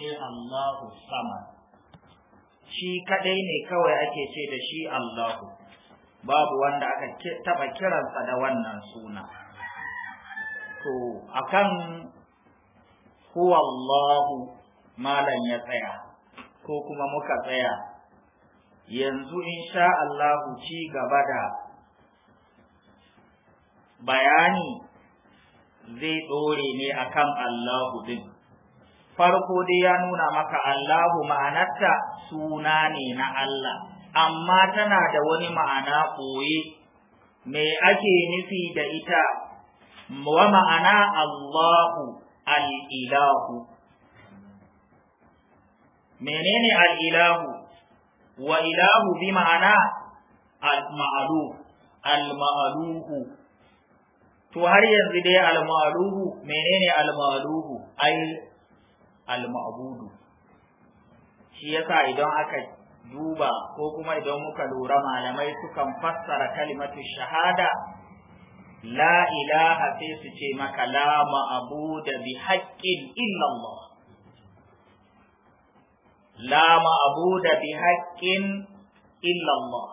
sai Allahu sama. shi kadai ne kawai ake ce da shi Allahu babu wanda aka taɓa kiransa da wannan suna to akan huwa Allahu malam ya tsaya ko kuma muka tsaya yanzu insha Allahu ci gaba da bayani zai ɗore ne akan Allahu din farko dai ya nuna maka Allahu ma'anarta suna ne na Allah amma tana da wani ma'ana koye me ake nufi da ita wa ma'ana Allahu al'ilahu menene al'ilahu wa ilahu bi ma'ana al-ma'alu al-ma'aluhu to har yanzu dai al-ma'aluhu menene al-ma'aluhu ai al-ma'budu shi yasa idan aka duba ko kuma idan muka lura malamai sukan fassara kalimatu shahada la ilaha sai su ce maka la ma'buda bi haqqin illa Allah la ma'buda bi haqqin illa Allah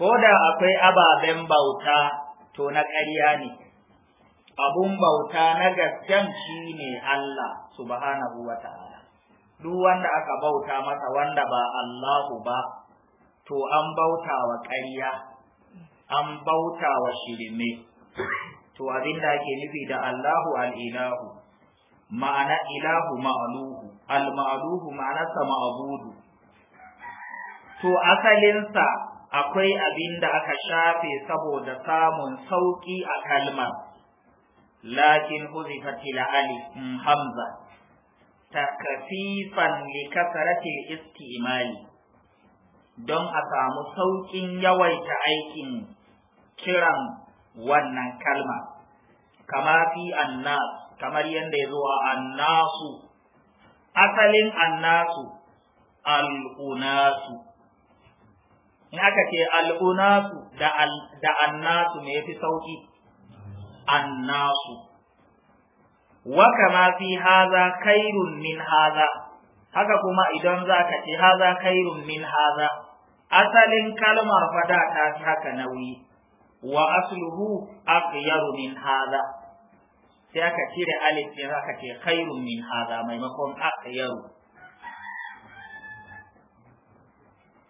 ko da akwai ababen bauta to na ƙarya ne abun bauta na gasken shi ne Allah subhanahu wa ta'ala duk wanda aka bauta masa wanda ba Allahu ba to an bauta wa ƙarya an bauta wa shirme to abin da ke nufi da Allahu al'ilahu ma'ana ilahu ma'aluhu al-ma'aluhu ma'anarsa ma'abudu to asalinsa akwai abin da aka shafe saboda samun sauƙi a kalmar lakin huzifat ila alif hamza takfifan li istimali don a samu sauƙin yawaita aikin kiran wannan kalma kama fi annas kamar yadda ya zo a annasu asalin annasu al'unasu in aka ce al'unasu da annasu me yafi sauƙi? annasu wa kama fi haza khairun min haza haka kuma idan za ka ce haza khairun min haza asalin kalmar fada ta fi haka nauyi wa asluhu aqyaru min haza sai aka cire alif sai aka ce khairun min haza maimakon aqyaru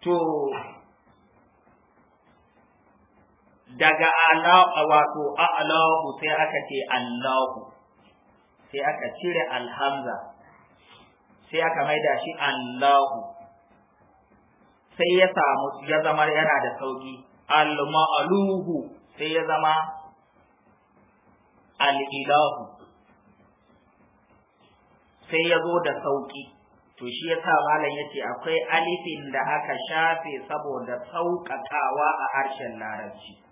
to daga ala wato a'lahu sai aka ce allahu sai aka cire alhamza sai aka maida shi allahu sai ya samu ya zama yana da sauki al-ma'luhu sai ya zama al-ilahu sai ya zo da sauki to shi ya sa malam ya ce akwai alifin da aka shafe saboda sauƙaƙawa a harshen larabci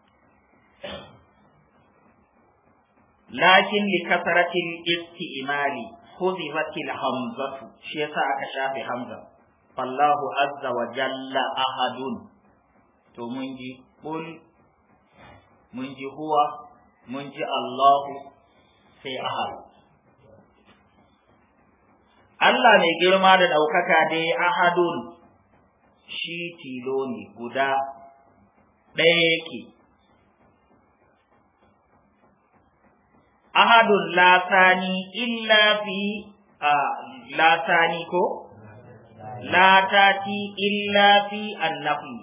lakin li kasaratil isti'mali huzifatil hamzatu shi yasa aka shafe hamza Wallahu azza wa jalla ahadun to mun ji qul mun ji huwa mun ji allahu sai ahad Allah mai girma da ɗaukaka dai ahadun shi tilo ne guda ɗaya yake ahadun latani illa fi latani ko latati illa fi annafi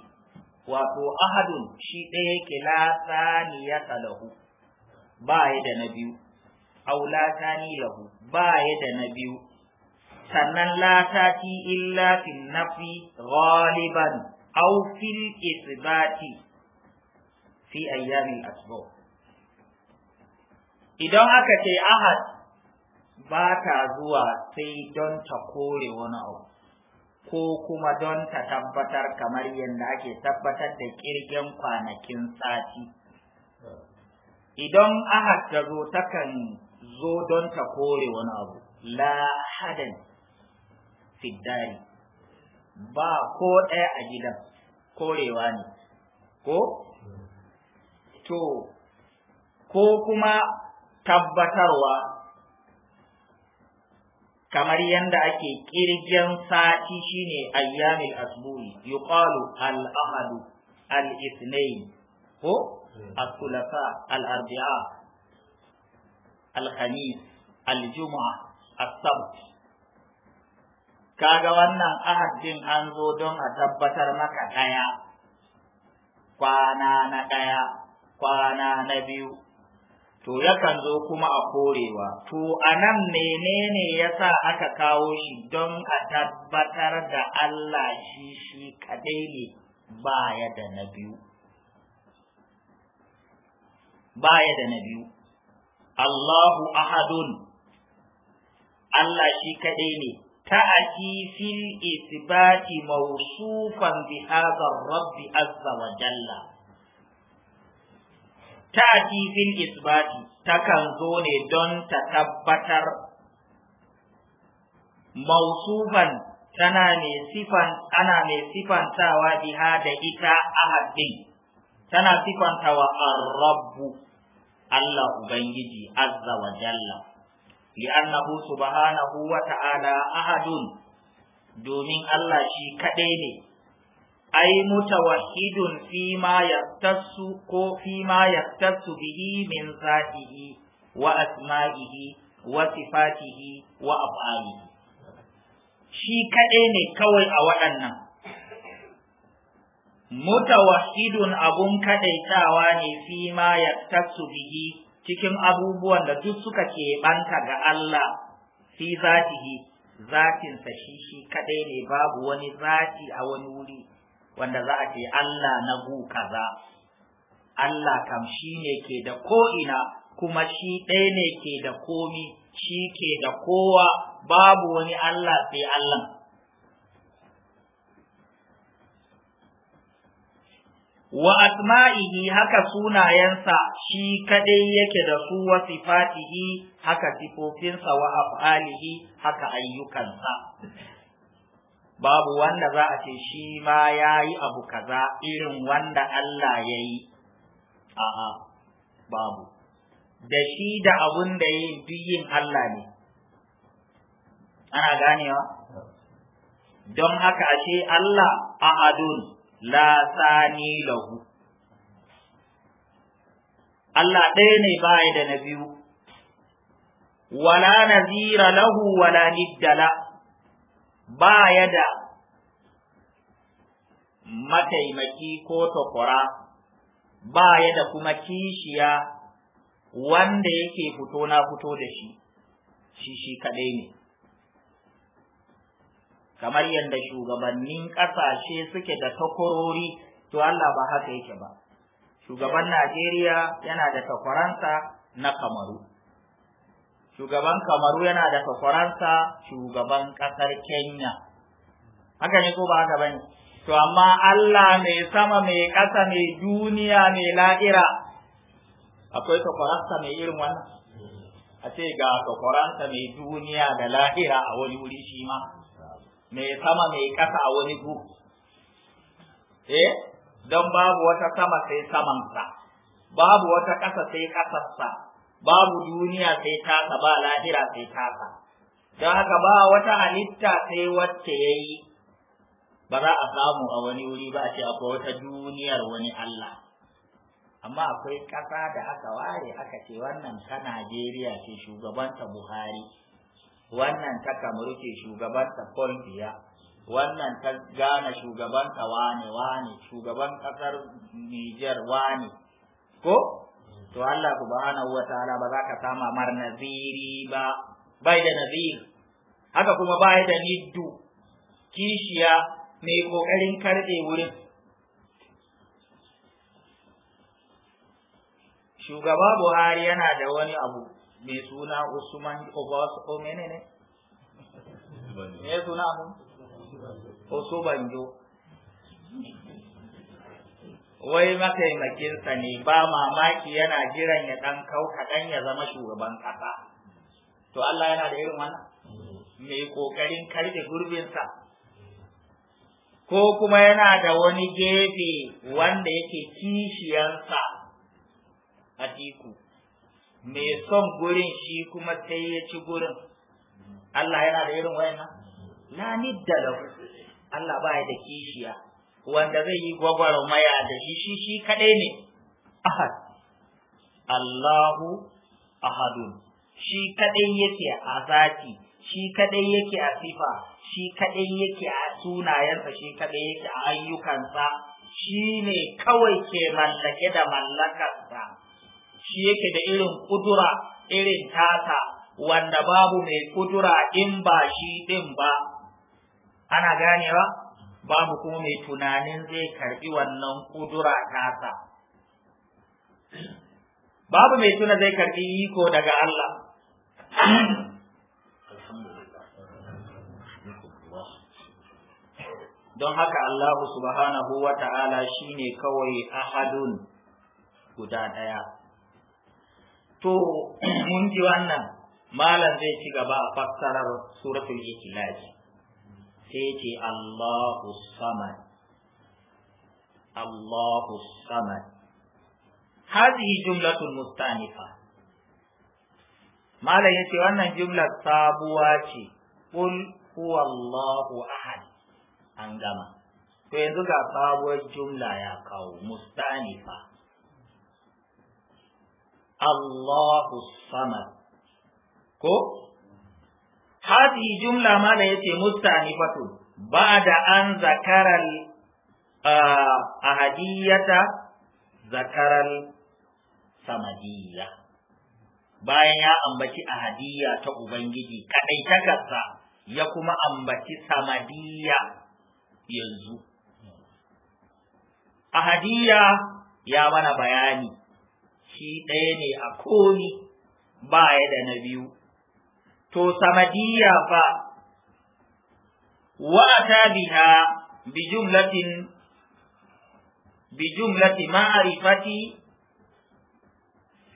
wato ahadun shi ɗaya yake latani ya talahu ba ya da na biyu au latani lahu ba ya da na biyu sannan latati illa fi nafi ghaliban au fil isbati fi ayyamin asbu' idan aka ce ahad ba ta zuwa sai don ta kore wani abu ko kuma don ta tabbatar kamar yadda ake tabbatar da kirgin kwanakin sati idan ahad ta zo takan zo don ta kore wani abu la hadan fiddari ba ko ɗaya a gidan korewa ne ko to ko kuma tabbatarwa kamar yadda ake kirgen sati shine ayyamil asbu'i yuqalu al ahadu al ithnain ko hmm. al thulatha al arbi'a al khamis al jum'a al sabt kaga wannan ahad din an zo don a tabbatar maka daya kwana na daya kwana na biyu to yakan zo kuma a korewa to a nan menene yasa aka kawo shi don a tabbatar da Allah shi shi kadai ne baya da na biyu baya da na Allahu ahadun Allah shi kadai ne ta fil isbati mawsufan bi hadha rabbi azza wa jalla ta'ati fil isbati takan zo ne don ta tabbatar mausufan tana ne sifan ana ne sifantawa biha da ita ahadin tana sifantawa ar-rabbu Allah ubangiji azza wa jalla annahu subhanahu wa ta'ala ahadun domin Allah shi kadai ne ai mutawahidun fi ma yaktasu ko fi ma yaktasu bihi min zatihi wa asma'ihi wa sifatihi wa af'alihi shi kaɗai ne kawai a waɗannan mutawahidun abun kaɗaitawa ne fi ma yaktasu bihi cikin abubuwan da duk suka ke keɓanta ga Allah fi zatihi zatinsa shi shi kaɗai ne babu wani zati a wani wuri wanda za a ce Allah na gu kaza Allah kam shi ne ke da ko'ina kuma shi ɗaya ne ke da komi shi ke da kowa babu wani Allah sai Allah wa asma'ihi haka sunayensa shi kadai yake da su wa sifatihi haka sifofinsa wa af'alihi haka ayyukansa babu wanda za a ce shi ma ya yi abu kaza irin wanda Allah ya yi a'a babu da shi da abun da ya yi biyin Allah ne ana ganewa don haka ashe Allah adun la sani lahu Allah ɗaya ne baya da na biyu wala nazira lahu wala niddala ba ya da mataimaki ko takwara ba ya da kuma kishiya wanda yake fito na fito da shi shi shi kaɗai ne kamar yadda shugabannin ƙasashe suke da takwarori to Allah ba haka yake ba shugaban Najeriya yana da takwaransa na kamaru shugaban kamaru yana da takwaransa shugaban ƙasar kenya haka ne ko ba haka bane to amma allah mai sama mai ƙasa mai duniya mai la'ira akwai takwaransa mai irin wannan a ce ga takwaransa mai duniya da la'ira a wani wuri shi ma mai sama mai ƙasa a wani gu eh don babu wata sama sai samansa babu wata ƙasa sai ƙasarsa babu duniya sai taka ba lahira sai taka don haka ba wata halitta sai wacce ya yi ba za a samu a wani wuri ba a ce akwai wata duniyar wani Allah amma akwai ƙasa da aka ware aka ce wannan ta Najeriya ce shugabanta Buhari wannan ta Kamaru ce shugabanta Bolivia wannan ta Ghana shugabanta wane wane shugaban ƙasar Niger wane ko to Allah subhanahu wa ta'ala ba za ka sama mar naziri ba bai da nazir haka kuma bai da niddu kishiya mai kokarin karbe wurin shugaba Buhari yana da wani abu mai suna Usman Obas o menene me suna mu Osobanjo wai mataimakinsa ne ba mamaki yana jiran ya ɗan kau kaɗan ya zama shugaban ƙasa to Allah yana da irin wannan mm. mai ƙoƙarin karfe gurbinsa ko kuma yana da wani gefe wanda yake kishiyansa a tiku mai son gurin shi kuma sai ya ci gurin Allah yana da irin wannan? Mm. la nidda Allah Allah baya da kishiya wanda zai yi gwagwarmaya da shi shi shi kadai ne ahad Allahu ahadun shi kadai yake a zati shi kadai yake a sifa shi kadai yake a sunayensa shi kadai yake a ayyukansa shi ne kawai ke mallake da mallakarsa shi yake da irin kudura irin tata wanda babu mai kudura in ba shi din ba ana ganewa babu kuma mai tunanin zai karbi wannan kudura nasa? babu mai tuna zai karbi iko daga Allah don haka Allah subhanahu wa ta'ala shi ne kawai ahadun guda ɗaya to mun ji wannan malam zai ci gaba a fassarar suratul ikhlas sai ce Allahu samad Allahu samad hadhihi jumlatul mustanifa malam ce wannan jumla sabuwa ce qul huwa Allahu ahad an gama to yanzu ga sabuwar jumla ya kawo mustanifa Allahu samad ko hadhihi jumla ma da yace ba da an zakaral ahadiyata zakaral samadiyya bayan ya ambaci ahadiyya ta ubangiji kaɗai ta ya kuma ambaci samadiyya yanzu ahadiyya ya mana bayani shi ɗaya ne a komi ba da na biyu to samadiya fa wa biha bi jumlatin bi jumlati ma'rifati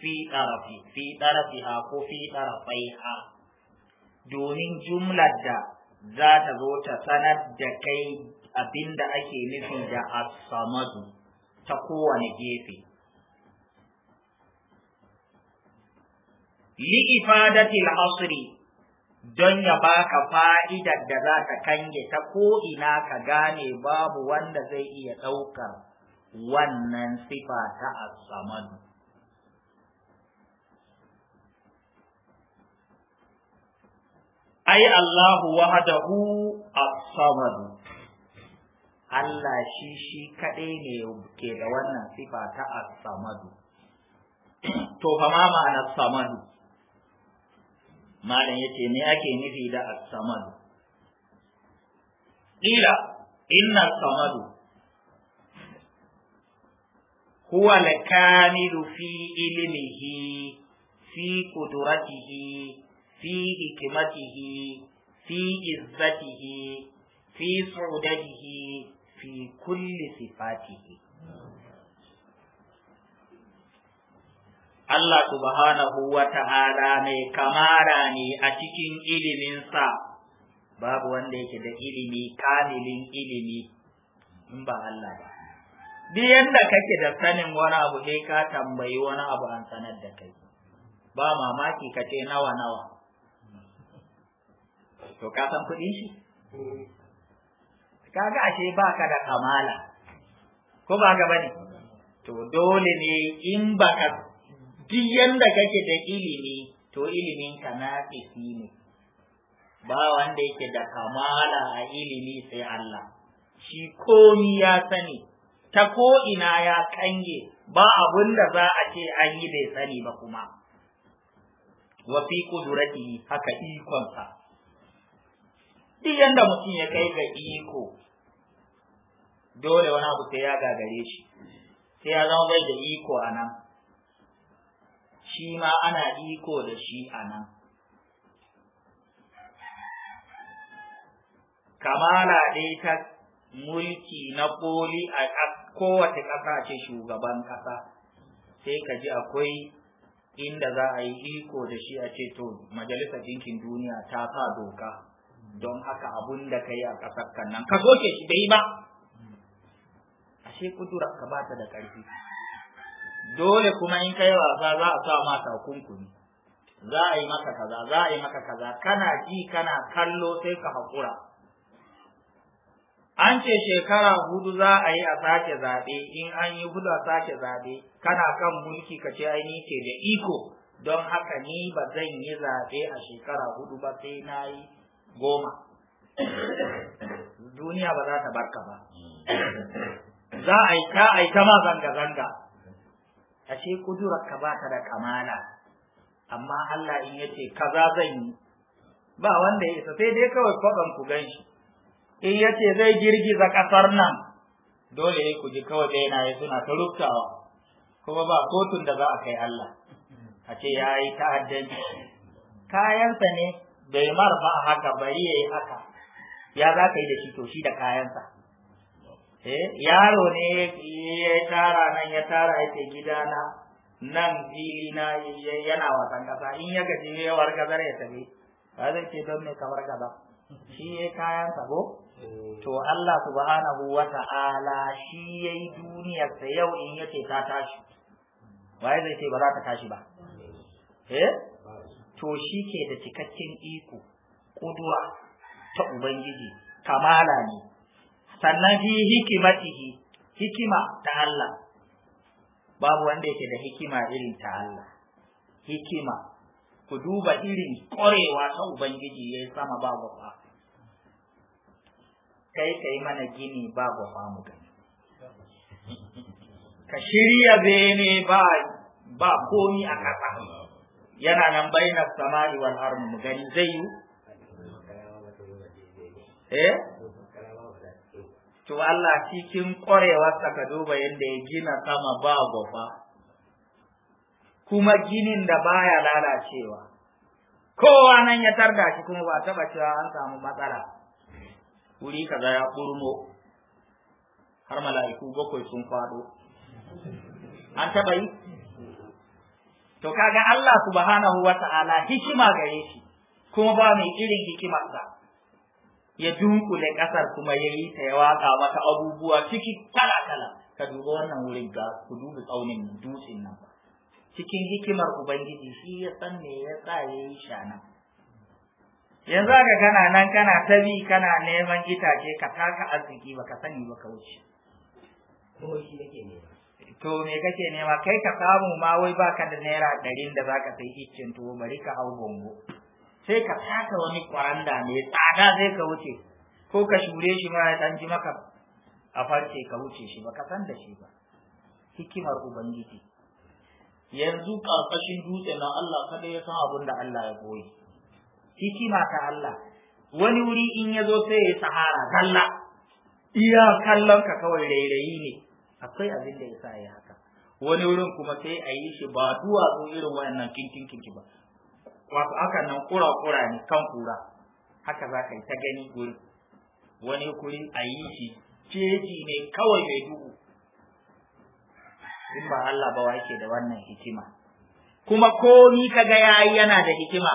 fi tarafi fi tarafiha ko fi tarafaiha domin jumlar da za ta zo ta sanar da kai abinda ake nufi da as ta kowane gefe li al asri don ya baka fa'idar da za ka kange ta ko'ina ka gane babu wanda zai iya ɗaukar wannan sifa ta asamadu. Ai Allahu wahadahu asamadu. Allah shi shi kaɗai ne ke da wannan sifa ta asamadu. to, fama ma'anar samadu. malam yace me ake nufi da as-samad ila inna as-samad huwa al fi ilmihi fi qudratihi fi hikmatihi fi izzatihi fi su'udatihi fi kulli sifatihi Allah subhanahu wa ta'ala mai kamara ne a cikin iliminsa babu wanda yake da ilimi kamilin ilimi in ba Allah ba. Duk yadda kake da sanin wani abu sai ka tambayi wani abu an sanar da kai ba mamaki ka ce nawa nawa. To ka san kuɗi shi? Kaga ashe ba ka da kamala, ko ba gaba ne? To dole ne in ba ka. duk yanda kake da ilimi to ilimin ka na ne ba wanda yake da kamala a ilimi sai Allah shi komi ya sani ta ko ina ya kange ba abun za a ce an yi bai sani ba kuma wa fi kudurati haka ikonsa duk yanda mutum ya kai ga iko dole wani abu sai ya gagare shi sai ya zama bai da iko a nan shi ma ana iko da shi a nan kamala dai ta mulki na koli a kowace ƙasa ce shugaban ƙasa sai ka ji akwai inda za a yi iko da shi a ce to majalisar Jinkin duniya ta sa doka don haka abun da ka yi a ƙasar kan nan ka soke shi bai ba ashe kudura ka ba ta da ƙarfi dole kuma in kai wasa za a sa ma takunkumi za a yi maka kaza za a yi maka kaza kana ji kana kallo sai ka haƙura an ce shekara hudu za a yi a sake zaɓe in an yi hudu a sake zaɓe kana kan mulki ka ce ai ke da iko don haka ni ba zan yi zaɓe a shekara hudu ba sai na yi goma duniya ba za ta barka ba za a yi ta ma zanga-zanga ashe kudurar ka ba ta da kamala amma Allah in yace kaza zan yi ba wanda ya isa sai dai kawai kwadan ku ganshi. shi in yace zai girgiza kasar nan dole ya ku ji kawai da yana suna ta ruktawa. kuma ba kotun da za a kai Allah a ce ya yi ta'addanci kayansa ne bai mar ba haka bari ya yi haka ya za ka yi da shi to shi da kayansa Eh, yaro ne ya tara nan ya tara yake gidana nan fili na yana wasan kasa in ya gaji ya warga zara ya tafi ba zai ce don me kamar kaza shi ya kayan sabo to Allah subhanahu wa ta'ala shi yayi duniyar sa yau in ya ce ta tashi ba zai ce ba za ta tashi ba eh? to shi ke da cikakken iko kuduwa ta ubangiji kamala ne sannan fi hikimatihi hikima ta Allah babu wanda yake da hikima irin ta Allah hikima ku duba irin korewa ta Ubangiji ya yi sama ba gwafa kai kai mana gini ba gwafa mu gani ka shirya bene ba ba komi a ƙasa yana nan bainar sama'i wal mu gani zai yi eh to Allah cikin ƙwarewarsa ka duba yadda ya gina sama ba gofa, kuma ginin da baya lalacewa kowa nan ya targa shi kuma ba taba cewa an samu matsala wuri kaza ya kurmo har mala'iku bakwai sun faɗo an taba yi to kaga Allah subhanahu wata'ala hikima gare shi kuma ba mai irin hikimarsa ya dunkule ƙasar kuma ya yi ta ya waka mata abubuwa ciki kala-kala ka duba wannan wurin ga ku duba tsaunin dutsen nan cikin hikimar ubangiji shi ya san me ya sa ya yi shana yanzu ka kana nan kana ta kana neman itace ka taka arziki baka sani ba ka wuce to me kake nema kai ka samu ma wai baka da naira ɗarin da zaka sai iccen tuwo bari ka hau bongo sai ka taka wani kwaranda ne tsada zai ka wuce ko ka shure shi ma ya dan ji maka a farce ka wuce shi ba ka san da shi ba hikimar ubangiji yanzu karkashin dutse na Allah kada ya san abin da Allah ya koyi hikima ta Allah wani wuri in ya zo sai ya sahara kalla iya kallon ka kawai rairayi ne akwai abin da ya sa ya haka wani wurin kuma sai a yi shi ba duwatsu irin wayannan kinkin kinki ba wato hakan nan kura-kura ne kan kura haka za ka yi ta gani guri wani guri a yi shi ceji ne kawai mai duhu in ba Allah ba wake da wannan hikima kuma komi ka ga yayi yana da hikima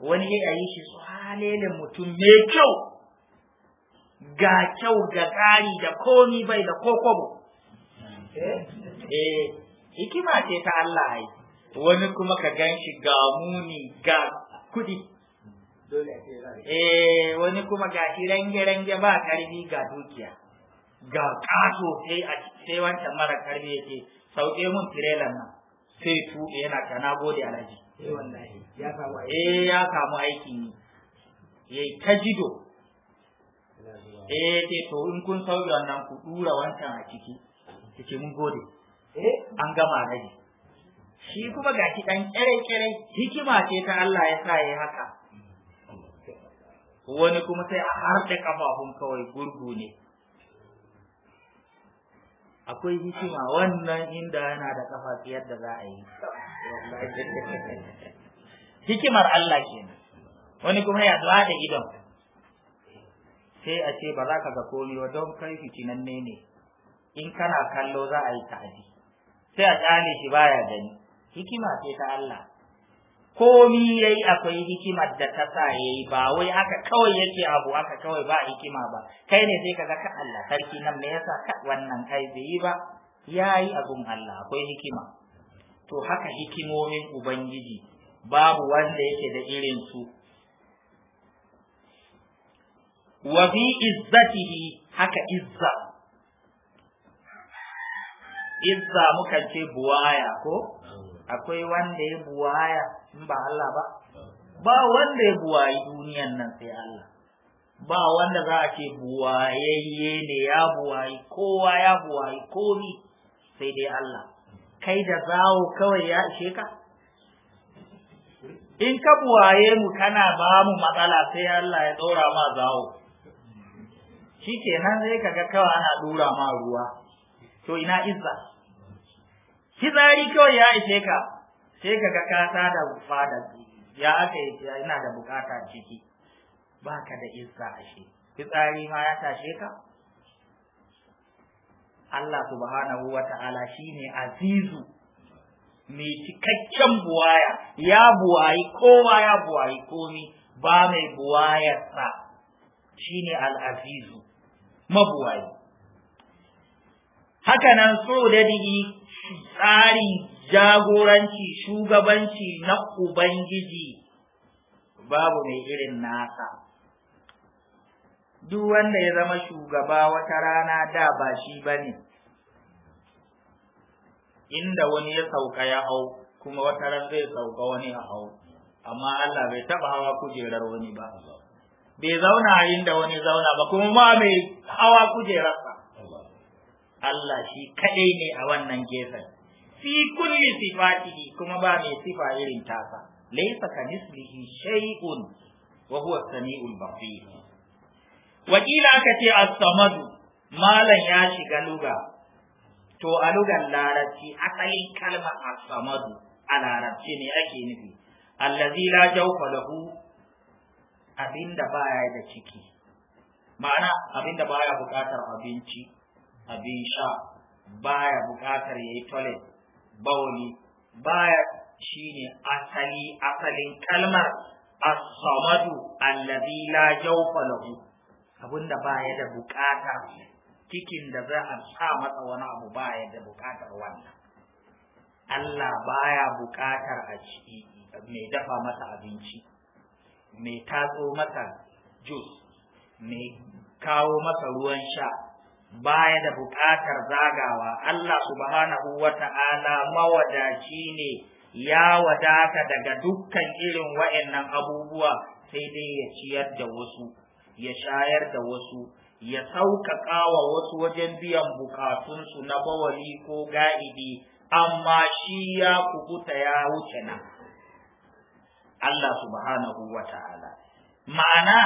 wani a yi shi halelin mutum mai kyau ga kyau ga tsari da komi bai da kokobo eh hikima ce ta Allah ai wani kuma ka gan shi ga muni ga kudi eh wani kuma ga shi range-range ba karfi ga dukiya ga kaso sai a sai wancan mara karfi yake sauke mun tirelan nan sai tu yana ta na gode alhaji eh, eh ya samu aiki ne yayi ta jido eh ke to in kun sauke wannan ku dura wancan a ciki ciki mun gode Eh an gama alhaji shi kuma ga shi ɗan ƙyare-ƙyare hikima ce ta Allah ya sa ya haka wani kuma sai a harɗe ƙafafun kawai gurgu ne akwai hikima wannan inda yana da ƙafa tsayar da za a yi hikimar Allah kenan wani kuma ya zuwa da idon sai a ce ba za ka ga komai ba don kai fitinanne ne in kana kallo za a yi ta'adi sai a ƙyale shi baya gani hikima ce ta Allah komi yayi akwai hikimar da ta sa yayi ba wai haka kawai yake abu aka kawai ba hikima ba kai ne sai kaga ka Allah sarki nan me yasa ka wannan kai bai ba yayi abun Allah akwai hikima to haka hikimomin ubangiji babu wanda yake da irin su wa fi izzatihi haka izza izza mukan ce buwaya ko akwai wanda ya buwaya in ba Allah ba ba wanda ya buwayi duniyan nan sai Allah ba wanda za a ce buwayayye ne ya buwayi kowa ya buwayi komi sai dai Allah kai da zawo kawai ya ishe ka in ka buwaye mu kana ba mu matsala sai Allah ya ɗora ma zawo shi kenan sai ka ga kawai ana ɗora ma ruwa to ina izza fitsari kawai ya ishe ka sai ka ga kasa da fada ya aka yi ina da bukata ciki Ba ka da izza ashe fitsari ma ya tashe ka Allah subhanahu wa ta'ala ne azizu mai cikakken buwaya ya buwayi kowa ya buwayi komi ba mai buwayarsa shine ne al’azizu mabuwayi haka nan so da tsari jagoranci shugabanci na ubangiji babu mai irin nasa duk wanda ya zama shugaba wata rana da ba shi ba ne inda wani ya sauka ya hau kuma wata ran zai sauka wani ya hau amma Allah bai taba hawa kujerar wani ba bai zauna inda wani zauna ba kuma ma mai hawa kujerar Allah shi kadai ne a wannan gefen fi kulli sifatihi kuma ba mai sifa irin tasa laysa nislihi shay'un wa huwa samiul basir wakila aka ce as-samadu malan ya shiga luga to a lugan larabci asalin kalmar as-samadu a larabci ne ake nufi allazi la jawfa lahu abinda baya da ciki ma'ana abinda baya bukatar abinci abin sha baya buƙatar yayi toilet bawli baya shine asali asalin kalmar as-samadu allazi la jawfa lahu abinda baya da bukata cikin da za a sa masa wani abu baya da buƙatar wannan Allah baya buƙatar a ciki mai dafa masa abinci mai taso masa juice, mai kawo masa ruwan sha baya da buƙatar zagawa Allah subhanahu wata'ala mawadaci ne ya wadata daga dukkan irin wa'annan abubuwa sai dai ya ciyar da wasu ya shayar da wasu ya sauƙaƙa wa wasu wajen biyan bukatunsu na bawali ko ga'idi amma shi ya kubuta ya wuce na. Allah subhanahu wata'ala ma'ana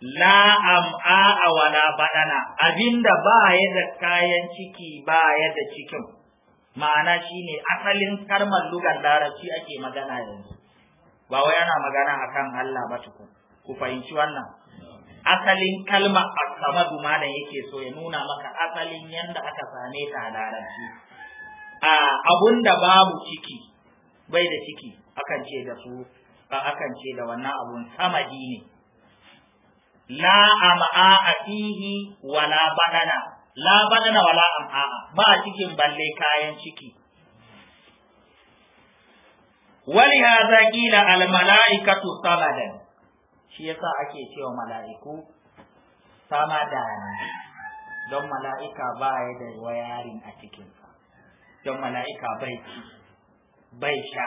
la am'a wa la badana abinda ba ya da kayan ciki ba ya da cikin ma'ana shine asalin karman lugar larabci ake magana yanzu ba wai ana magana akan Allah ba tukun ku fahimci wannan asalin kalma asamadu da yake so ya nuna maka asalin yanda aka same ta a larabci a abun da babu ciki bai da ciki akan ce da su akan ce da wannan abun samadi ne la am'a'a fihi wala badana la badana wala am'a'a ba cikin balle kayan ciki wali hadha qila al malaikatu samadan shi yasa ake cewa mala'iku samadan don mala'ika ba ya da wayarin a cikinsa don mala'ika bai ci bai sha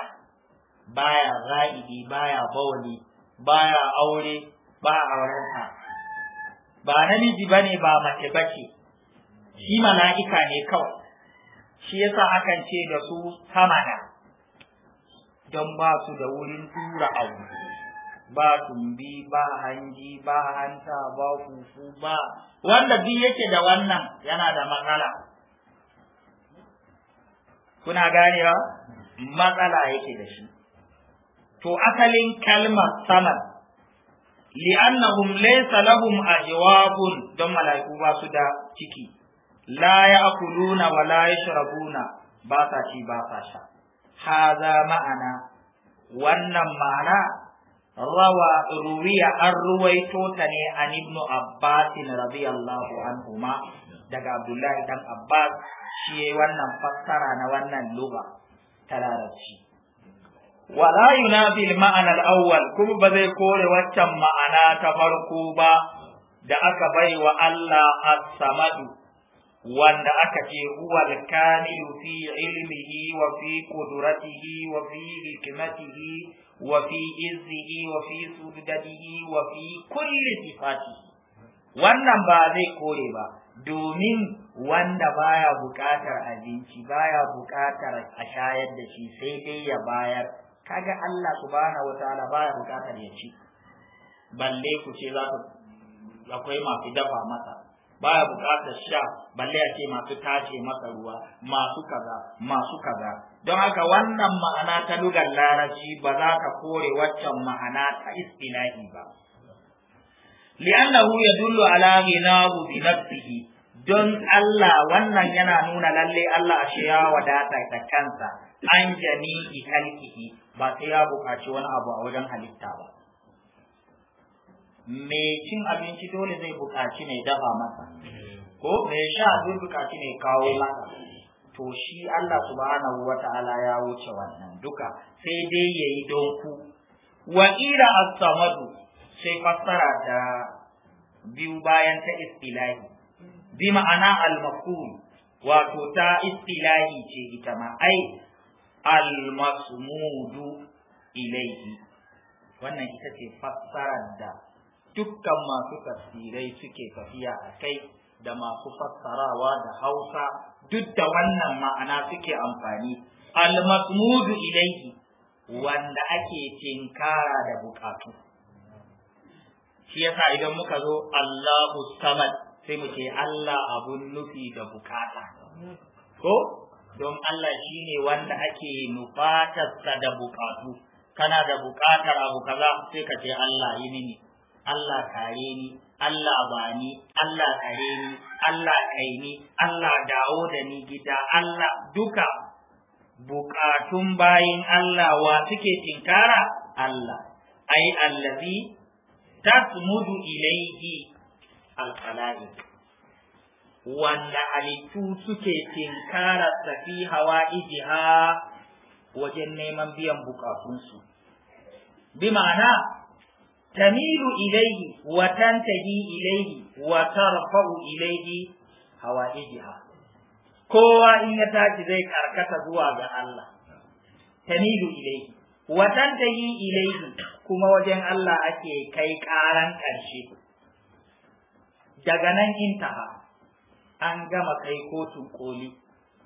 baya ra'idi baya bawali baya aure ba aurenta ba namiji ba ne ba mace ba ce shi mala'ika ne kawai shi yasa akan ce da su samana don ba su da wurin tura abu ba tumbi ba hanji ba hanta ba kuku ba wanda bi yake da wannan yana da matsala kuna ganewa matsala yake da shi to asalin kalmar saman li'annahum laysa lahum ajwabun don mala'iku ba su da ciki la ya'kuluna wa la yashrabuna ba ci ba sa sha haza ma'ana wannan ma'ana rawa an ruwaito ta ne an ibnu abbas radiyallahu anhuma daga abdullahi dan abbas shi wannan fassara na wannan luba, ta larabci wala yunafi ma'ana al-awwal kuma ba zai kore waccan ma'ana ta farko ba da aka bai wa Allah as-samadu wanda aka ce huwa al-kamilu fi ilmihi wa fi qudratihi wa fi hikmatihi wa fi izzihi wa fi sudadihi wa fi kulli sifati wannan ba zai kore ba domin wanda baya buƙatar abinci baya buƙatar a shayar da shi sai dai ya bayar kaga Allah subhanahu ta'ala baya bukatar ya ci balle ku ce za ku akwai masu dafa masa baya bukatar sha balle ya ce masu tace masa ruwa masu kaza masu kaza don haka wannan ma'ana ta lugar larabci ba za ka kore waccan ma'ana ta istilahi ba li'annahu yadullu ala ghinahu bi nafsihi don Allah wannan yana nuna lalle Allah ashe ya wadata da kansa an jami'i kalkihi ba sai ya buƙaci wani abu a wajen halitta ba Me cin abinci dole zai buƙaci mai dafa masa ko mai sha zai buƙaci mai kawo masa to shi Allah subhanahu wata'ala ya wuce wannan duka sai dai yayi don ku wa ila as-samadu sai fassara ta biyu bayan ta istilahi bi ma'ana al wato ta istilahi ce ita ma ai almasmudu ilaihi wannan ita ce fassarar da dukkan masu tafsirai suke tafiya a kai da masu fassarawa da hausa duk da wannan ma'ana suke amfani almasmudu ilaihi wanda ake tinkara da bukatu shi yasa idan muka zo Allahu samad sai mu ce Allah abun nufi da bukata ko don Allah shi ne wanda ake nufatarsa da bukatu kana da bukatar abu kaza sai ka ce Allah yi mini Allah kare ni Allah bani Allah kare ni Allah kai ni Allah dawo da ni gida Allah duka bukatun bayin Allah wa suke tinkara Allah ai allazi tasmudu ilayhi al-qalaiq wanda alitu suke tinkarar fi hawa ijiha wajen neman biyan bukatunsu bi ma'ana tamilu ilaihi wa tantahi ilaihi wa tarfa'u ilaihi hawa ijiha kowa in ya tashi zai karkata zuwa ga Allah tamilu ilaihi wa tantahi ilaihi kuma wajen Allah ake kai karan ƙarshe daga nan intaha an gama kai kotun koli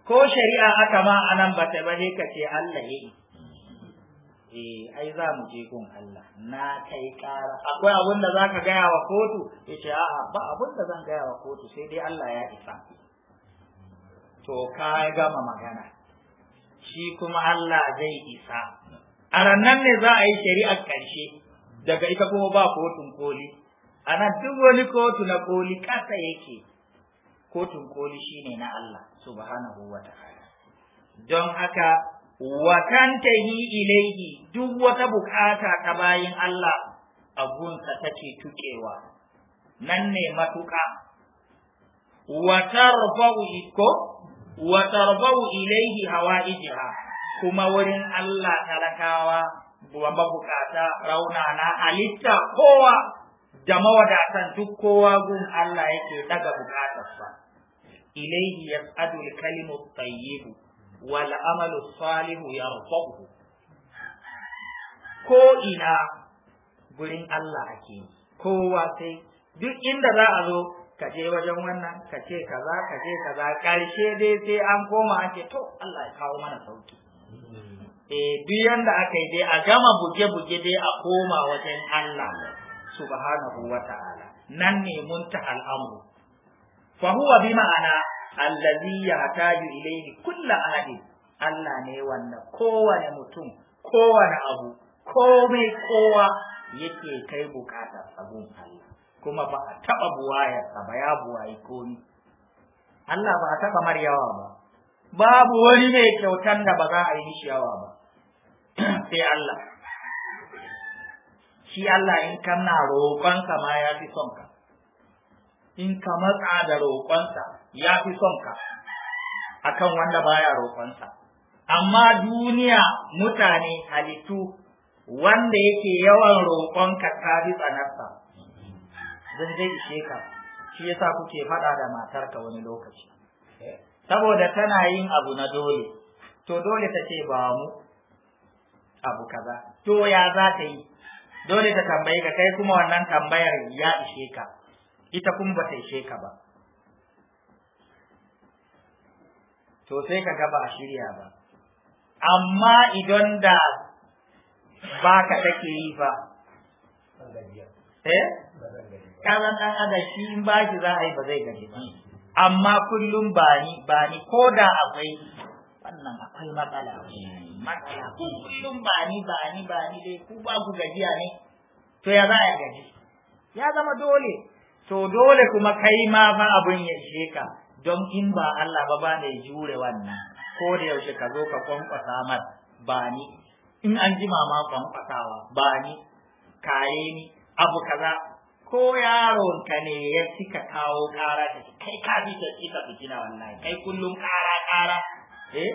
ko shari'a aka ma a nan ba ta ba sai ka ce Allah ya eh ai za mu je gun Allah na kai ƙara akwai abin da za ka gaya wa kotu ya ce a'a ba abin da zan gaya wa kotu sai dai Allah ya isa to ka gama magana shi kuma Allah zai isa a nan ne za a yi shari'ar ƙarshe daga ita kuma ba kotun koli a duk wani kotu na koli ƙasa yake kotun koli shine na Allah subhanahu wa ta'ala don haka wa yi ilaihi duk wata bukata ta bayin Allah abunsa take tukewa nan ne matuka wa tarfa'u iko wa kuma wurin Allah talakawa wa rauna na halitta kowa da mawadatan duk kowa gun Allah yake daga bukatarsa ilaihi yas'adu al-kalimu at-tayyib wal amalu salihu yarfa'uhu ko ina gurin Allah ake kowa sai duk inda za a zo ka je wajen wannan ka ce kaza ka ce kaza karshe dai sai an koma an to Allah ya kawo mana sauki eh duk yanda aka yi dai a gama buge-buge dai a koma wajen Allah subhanahu wa ta'ala nan ne ta al'amru fa huwa bi ma'ana allazi yahtaju ilayhi kullu ahadin Allah ne wanda kowane mutum kowane abu komai kowa yake kai bukatar abun Allah kuma ba a taɓa buwayarsa ba ya buwayi komi Allah ba a taba maryawa ba babu wani mai kyautan da ba za a yi mishi yawa ba sai Allah shi Allah in kanna roƙonsa ma ya fi son ka in ka matsa da roƙonsa ya fi son ka a kan wanda baya roƙonsa amma duniya mutane halittu wanda yake yawan roƙonka ka fi tsanarsa zan zai ishe ka shi yasa kuke faɗa da matarka wani lokaci saboda tana yin abu na dole to dole ta ce ba mu abu kaza to ya za ta yi dole ta tambayi ka kai kuma wannan tambayar ya ishe ka ita kuma ba ta ishe ka ba to sai ka gaba a shirya ba amma idan da ba ka take yi ba eh Kanan ɗan adam shi in ba shi za a yi ba zai gaji ba amma kullum ba ni ba ni ko da akwai wannan akwai matsala matsala kullum ba ni ba ni ba ni dai ku ba ku gajiya ne to ya za a gaji ya zama dole to dole kuma kai ma fa abin ya ishe ka don in ba Allah ba ba ne jure wannan ko da yaushe ka zo ka kwankwasa mar ba ni in an jima ma kwankwasawa ba ni kare ni abu kaza ko yaron ka ne ya cika kawo kara da kai ka bi ta ita fitina wallahi kai kullum kara kara eh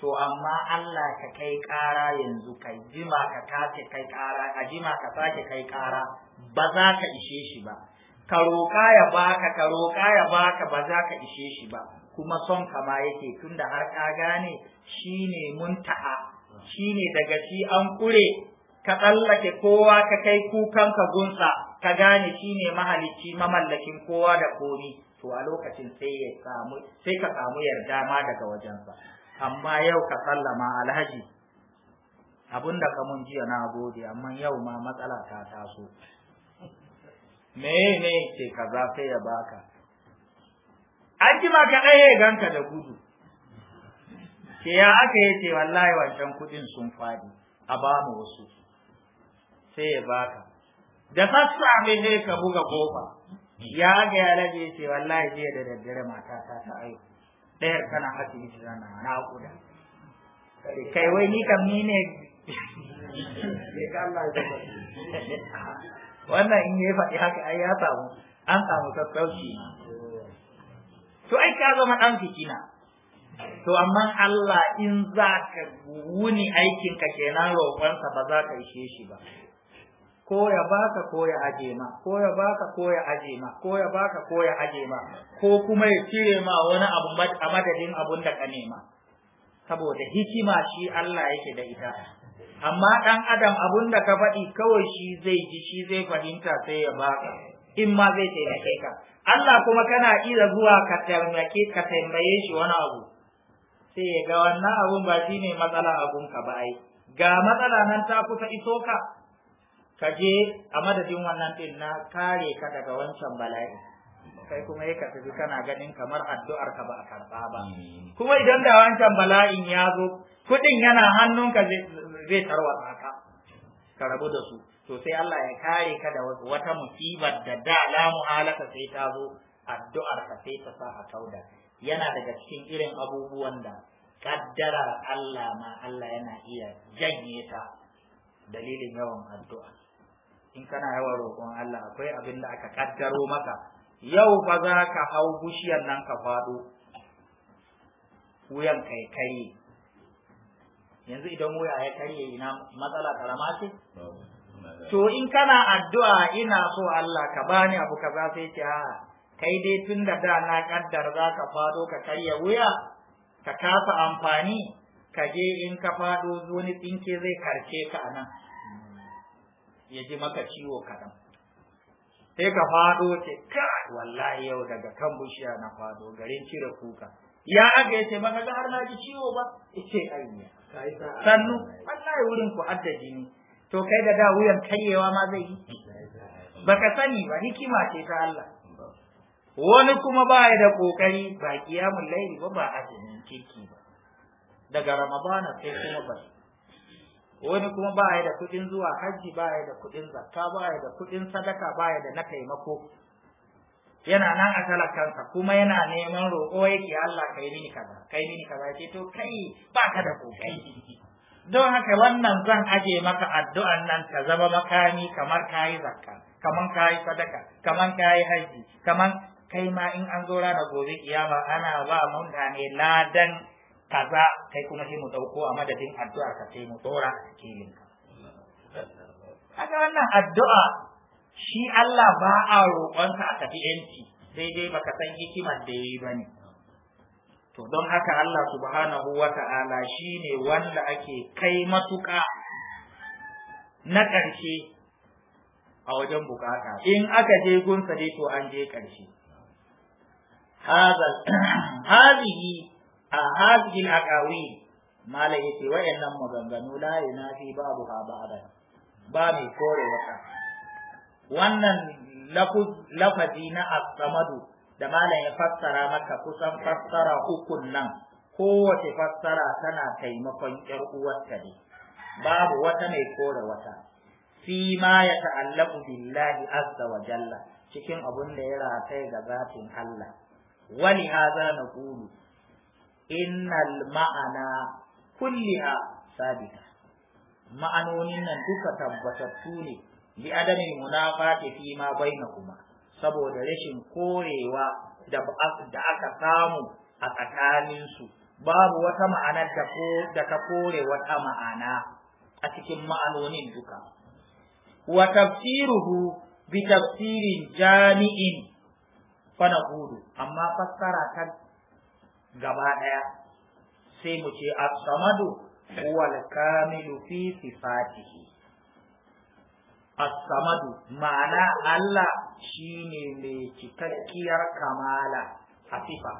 to amma Allah ka kai kara yanzu kai jima ka kace kai kara ka jima ka sake kai kara ba za ka ishe shi ba ka roƙa ya baka ka roƙa ya baka ba za ka ishe shi ba kuma son kama yake tunda har ka gane shine shi shine daga shi an kure ka tsallake kowa ka kai kukan ka gunsa ka gane shine mahalicci mamallakin kowa da komi to a lokacin sai ya samu sai ka samu yarda ma daga wajensa amma yau ka sallama alhaji abinda ka mun jiya na gode amma yau ma matsala ta taso meye ne ce kaza sai ya baka an ji ka ɗaya ganka da gudu Ke ya aka yi ce wallahi wancan kuɗin sun faɗi a ba mu wasu sai ya baka da sassafe ne ka buga kofa ya ga ya laje ce wallahi jiya da daddare matata ta kana ɗayar tana asibiti na naƙuda kai wai ni kam ni ne wannan in ya faɗi haka ai ya samu an samu sassauci to ai ka zama ɗan fitina to amma Allah in za ka wuni aikin ka kenan sa ba za ka ishe shi ba ko ya baka ko ya aje ma ko ya baka ko ya aje ma ko ya baka ko ya aje ma ko kuma ya cire ma wani abu a madadin abun da ka nema saboda hikima shi Allah yake da ita amma ɗan adam abun da ka faɗi kawai shi zai ji shi zai fahimta sai ya baka in ma zai taimake ka Allah kuma kana iya zuwa ka taimake ka tambaye shi wani abu sai ya ga wannan abun ba shi ne matsala abun ka ba ai ga matsala nan ta kusa iso ka ka je a madadin wannan din na kare ka daga wancan bala'i kai kuma ya tafi kana ganin kamar addu'ar ka ba a karɓa ba kuma idan da wancan bala'in ya zo kuɗin yana hannunka zai tarwa ka ka rabu da su to sai Allah ya kare ka da wata musibar da da la halaka sai ta zo addu'ar ka sai ta sa a kauda yana daga cikin irin abubuwan da kaddarar Allah ma Allah yana iya janye ta dalilin yawan addu'a in kana yawan roƙon Allah akwai abin da aka kaddaro maka yau fa za ka hau bishiyar nan ka faɗo wuyan kai kai yanzu idan wuya ya karye ina matsala karama ce to in kana addu'a ina so Allah ka bani abu kaza sai ce a kai dai tun da da na kaddar za ka fado ka karya wuya ka kasa amfani ka je in ka fado wani tsinke zai karce ka anan ya ji maka ciwo kaɗan sai ka fado ce kai wallahi yau daga kan bushiya na fado garin cire kuka ya aga ya ce maka ga har na ji ciwo ba Ice aiya sannu wallahi wurin ku hadda ni, to kai da da wuyan karyewa ma zai yi baka sani ba hikima ce ta Allah wani kuma ba ya da kokari ba kiyamul laili ba ba azumin kirki ba daga ramadana sai kuma ba wani kuma ba ya da kudin zuwa hajji ya da kudin zakka ya da kudin sadaka ba ya da na taimako yana nan a talakansa kuma yana neman roƙo yake Allah kai mini kaza kai mini kaza ce to kai ba ka da kokai don haka wannan zan aje maka addu'an nan ta zama makami kamar yi zakka kamar yi sadaka kamar yi haji kamar kai ma in an zo da gobe kiyama ana ba mutane ladan kaza kai kuma sai mu dauko a madadin addu'ar ka sai mu tsora a cikin ka wannan addu'a shi Allah ba a roƙonsa a tafi yanci sai dai baka san hikimar da yayi ne. to don haka Allah subhanahu shi ne wanda ake kai matuƙa na ƙarshe a wajen bukata in aka je gunsa dai to an je ƙarshe hazihi a hazihi mala malai yace nan maganganu la fi babu ha ba'da ba mai kore wata wannan lafazi na Asamadu da malam ya fassara maka kusan fassara ukun nan kowace fassara tana taimakon 'yar uwarta ne babu wata mai kore wata fi ma ya ta'allaku billahi azza wa jalla cikin abun da ya rataya ga zatin Allah wali na kulu innal ma'ana kulliha sabita ma'anonin nan duka tabbatattu ne bi adami munafati fi ma kuma saboda rashin korewa da da aka samu a tsakanin su babu wata ma'ana da ko da ka kore wata ma'ana a cikin ma'anonin duka wa tafsiruhu bi tafsirin jami'in fa naqulu amma fassara ta gaba daya sai mu ce as-samadu huwa al-kamilu fi sifatihi assamadu samadu ma'ana Allah shine mai cikakkiyar kamala a sifa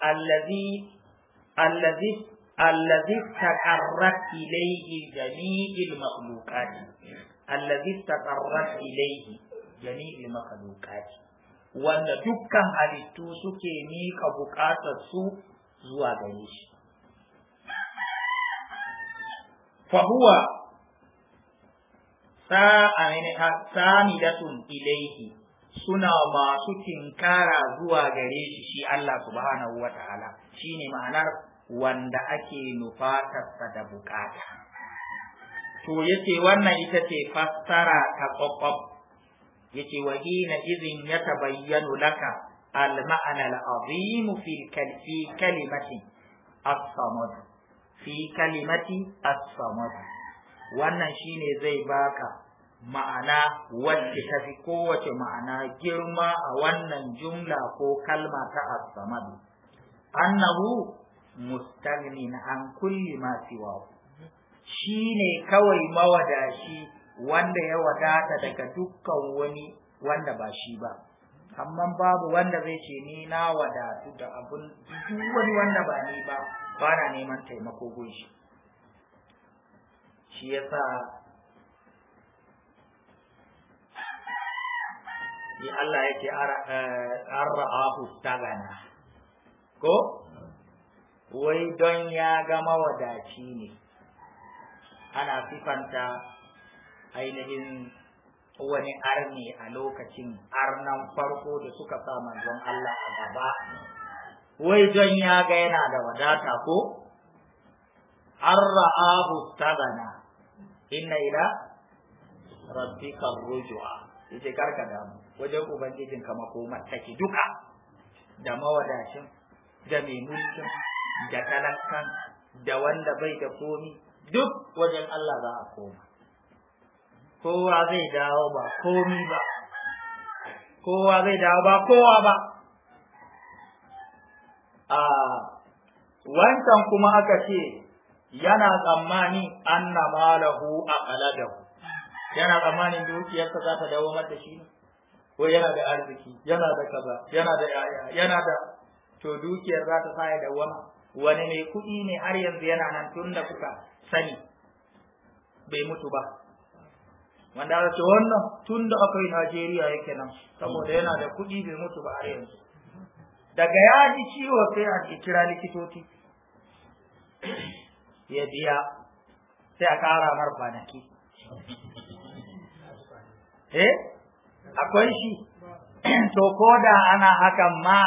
allazi allazi allazi taqarrat ilayhi jami'il allazi wanda dukkan halittu suke miƙa buƙatar su zuwa gare shi fa sun ilaihi suna masu tinkara zuwa gare shi shi Allah subhanahu wa ta'ala shine ma'anar wanda ake nufatarsa da bukata to yace wannan ita ce fassara ta kwakwab yace wa na izin ya tabayyanu laka al-ma'ana al-azim fi kalimati as-samad fi kalimati as-samad wannan shine zai baka ma'ana wacce ta fi kowace ma'ana girma a wannan jumla ko kalma ta asamadu nahu annahu na an kulli ma Shi shine kawai mawadashi wanda ya wadata daga dukkan wani wanda ba shi ba amma babu wanda zai ce ni na wadatu da abun duk wani wanda ba ni ba ba na neman taimako gunshi shi ya ni Allah yake eh, arra'ahu tagana ko wai don ya ga mawadaci ne ana sifanta ainihin wani arni a lokacin arnan farko da suka sa manzon Allah a gaba wai don ya ga yana da wadata ko an ra'ahu tagana inna ila rabbika rujua yace karka damu wajen ubangijin ka makoma take duka da mawadacin da mai mulkin da talakkan, da wanda bai da komi duk wajen Allah za a koma kowa zai dawo ba komi ba kowa zai dawo ba kowa ba a ah, wancan kuma aka ce yana tsammani anna malahu aqladahu yana tsammanin dukiyarsa za ta dawo mata shi ko yana da arziki yana da kaza yana da yaya yana da to dukiyar za ta sa ya wani wani mai kuɗi ne har yanzu yana nan tun da kuka sani bai mutu ba wanda aka ce wannan tun da aka yi najeriya yake nan saboda yana da kuɗi bai mutu ba har yanzu daga ya ji ciwo sai a kira likitoci ya biya sai a ƙara mar kwanaki eh akwai shi to ko da ana hakan ma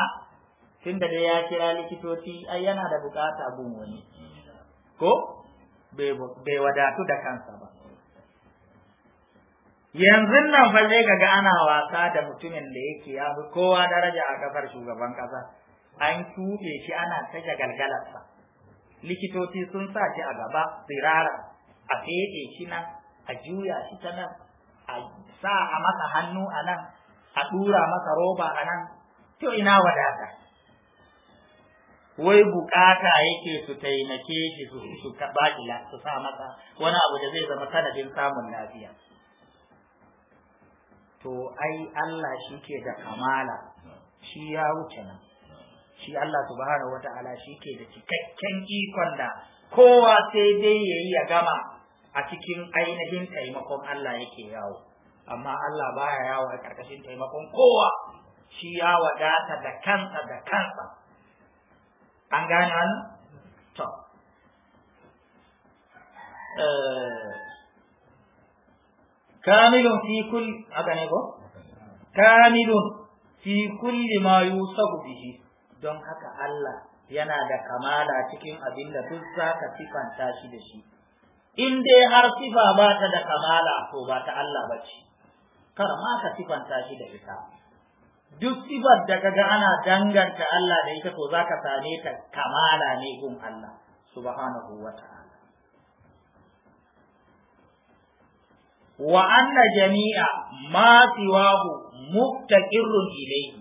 tunda da ya kira likitoci ai yana da bukata gun wani ko bai wadatu da kansa ba yanzu nan fa sai ga ana wasa da mutumin da yake ya fi kowa daraja a kasar shugaban kasa an tuɓe shi ana ta galgalarsa likitoci sun sa shi a gaba tsirara a feɗe shi nan a juya shi ta nan a sa a masa hannu a nan a ɗura masa roba a nan to ina wadata wai bukata yake su taimake shi su su su sa masa wani abu da zai zama sanadin samun lafiya to ai Allah shi ke da kamala shi ya wuce nan shi Allah subhanahu wata'ala shi ke da cikakken ikon da kowa sai dai ya yi ya gama a cikin ainihin taimakon Allah yake yawo amma Allah baya yawo a ƙarƙashin taimakon kowa shi ya wadata da kansa da kansa an gane an to eh, kamilun fi kulli haka ne ko kamilun fi kulli ma yusabu bihi don haka Allah yana da kamala cikin abin da duk za ka sifanta shi da shi in dai har sifa ba ta da kamala to ba ta Allah ba ce kar ma ka sifanta shi da ita duk sifar da ka ga ana danganta Allah da ita to za ka same ta kamala ne gun Allah subhanahu wa ta'ala wa anna jami'a ma siwahu muftaqirrun ilayhi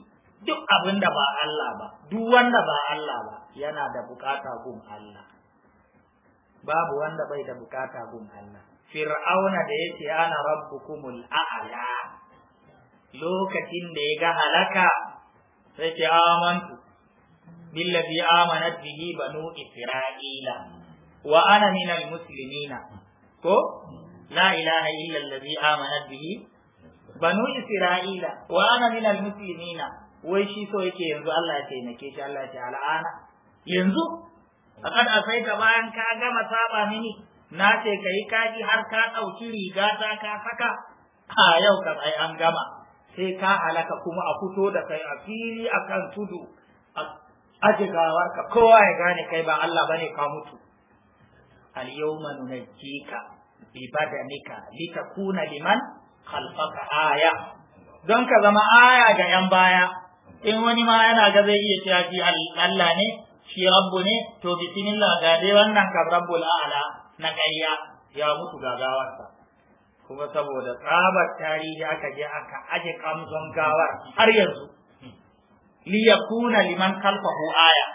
duk abin da ba Allah ba duk wanda ba Allah ba yana da bukata gun Allah babu wanda bai da bukata gun Allah fir'auna da yake ana rabbukumul a'la lokacin da ya ga halaka sai ke amantu billazi amanat bihi banu isra'ila wa ana minal muslimina ko la ilaha illa allazi amanat bihi banu isra'ila wa ana minal muslimina wai shi so yake yanzu Allah ya taimake shi Allah ya al'ana yanzu a sai asaita bayan ka gama saba mini na ce ka yi kaji har ka dauki riga ta ka saka a yau ka sai an gama sai ka halaka kuma a fito da kai a fili akan tudu a ka kowa ya gane kai ba Allah bane ka mutu al yawma nunajjika bi badanika litakuna liman khalfaka aya don ka zama aya ga 'yan baya in wani ma yana ga zai iya cewa shi Allah ne shi rabbu ne to bismillah ga dai wannan kan rabbul a'la na ƙarya ya mutu gagawarsa kuma saboda tsabar tarihi aka je aka aje kamzon gawar har yanzu yakuna liman kalfahu aya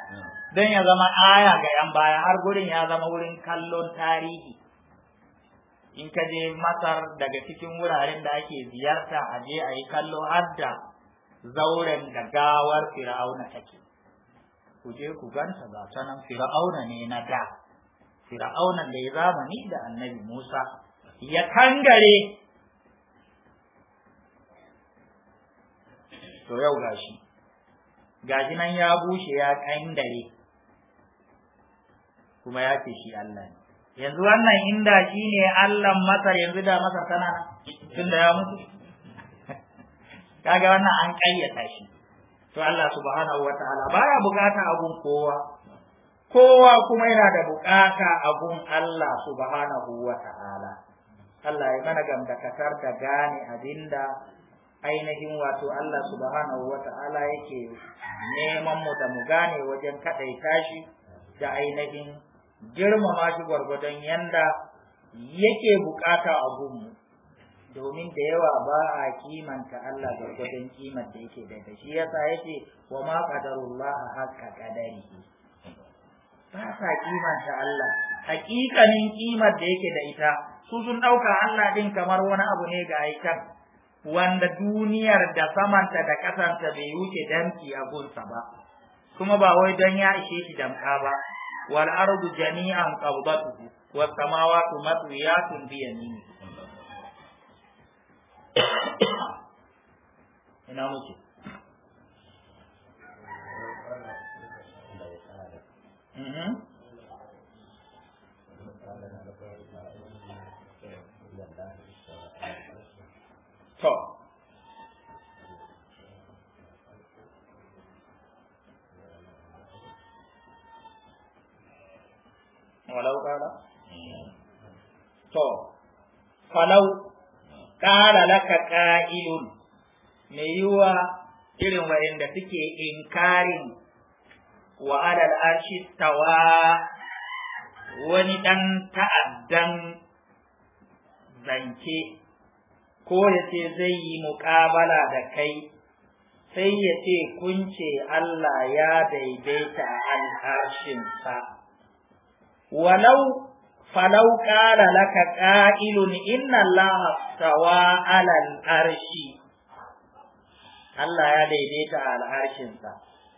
dan ya zama aya ga yan baya har gurin ya zama wurin kallon tarihi in ka je masar daga cikin wuraren da ake ziyarta aje ayi kallo har da zauren da gawar fir'auna take ku je ku ganta ga ta nan fir'auna ne na da fir'auna da ya zamani da annabi Musa ya kangare to yau gashi gashi nan ya bushe ya kangare kuma ya ce shi Allah ne yanzu wannan inda shi ne Allah Masar yanzu da Masar tana nan tunda ya mutu kaga wannan an kayyata shi to Allah subhanahu wataala baya bukata abun kowa kowa kuma yana da bukata abun Allah subhanahu wataala Allah ya mana gamdakatar da gane abinda ainihin wato Allah subhanahu wataala yake neman mu da mu gane wajen kadaita shi da ainihin girmama shi gwargwadon yanda yake bukata a gunmu domin da yawa ba a kimanta Allah gargadon kimar da yake da shi ya yasa yake wa ma qadarullah haqqa qadarihi ba sa kimanta Allah hakikanin kimar da yake da ita su sun dauka Allah din kamar wani abu ne ga aikan wanda duniyar da samanta da kasanta bai wuce damki a gunsa ba kuma ba wai don ya ishe shi damka ba wal ardu jami'an qabdatuhu was samawati matwiyatun bi yaminihi ina muke mm-hmm. to kala to ƙara laka ƙa'ilun mai yiwuwa irin waɗanda suke inkarin wa alal tawa wani ɗan ta'addan zance ko ya zai yi muƙabala da kai sai ya ce kunce Allah ya daidaita al'arshinsa walau falau ƙara laka ƙa'ilun inna Allah tawa alal arshi Allah ya daidaita al'arshinsa.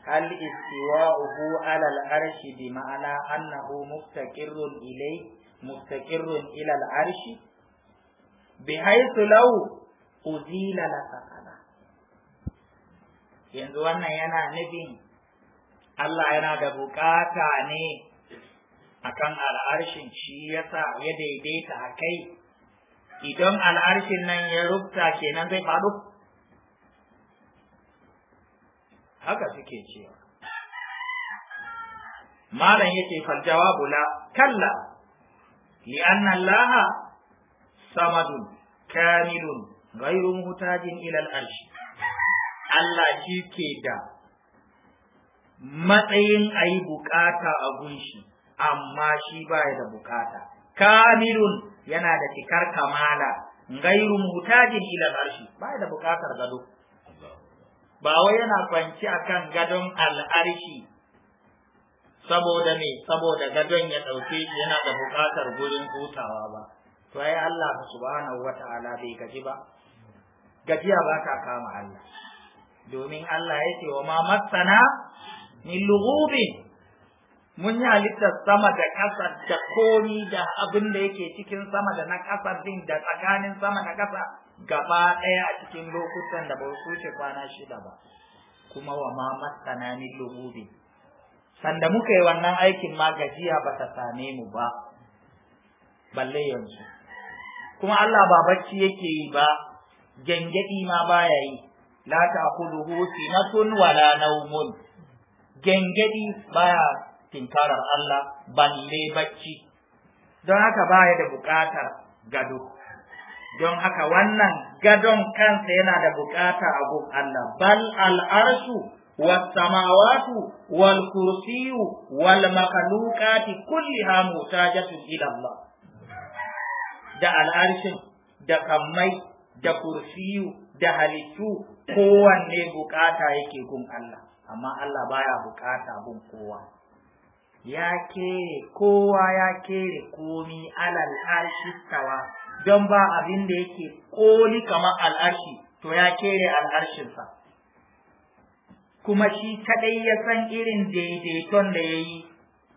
Hal hal istiwa'uhu alal arshi bi ma'ana annahu mustaqirrun ilai mustaqirrun ila arshi bi haythu law uzila laka yanzu wannan yana nufin Allah yana da buƙata ne akan al'arshin shi yasa ya daidaita a kai idan al'arshin nan ya rubuta kenan zai faɗo haka suke cewa malam yake fal jawabu la kalla li anna allaha samadun kamilun ghayru muhtajin ila al'arshi Allah shi ke da matsayin ayi bukata a gunshi amma shi baya da bukata kamilun yana da cikar kamala gairu mutajin ila arshi baya da bukatar gado ba wai yana kwanci akan gadon al'arshi saboda me saboda gadon ya dauke yana da bukatar gurin hutawa ba to ai Allah subhanahu wata'ala bai gaji ba gajiya ba ka kama Allah domin Allah ya ce wa ma matsana min lughubin mun yi halittar sama da ƙasa da komi da abin da yake cikin sama da na ƙasa din da tsakanin sama da ƙasa gaba ɗaya a cikin lokutan da ba su wuce kwana shida ba kuma wa ma matsananin lugubi sanda muka yi wannan aikin ma gajiya ba ta same mu ba balle yanzu kuma Allah ba bacci yake yi ba gyangyaɗi ma baya yi la ta sinatun wala naumun gyangyaɗi baya tinkarar Allah balle bacci don haka baya da buƙatar gado don haka wannan gadon kansa yana da buƙata a gun Allah bal al'arshu wal والكرسي kulli ha محتاجة إلى الله da al'arshin da kammai da kursiyu da halittu kowanne buƙata yake gun Allah amma Allah baya buƙata gun kowa ya kere kowa ya kere komi alal arshi tawa don ba abin da yake koli kamar al'arshi to ya kere al'arshinsa kuma shi kadai ya san irin daidaiton da ya yi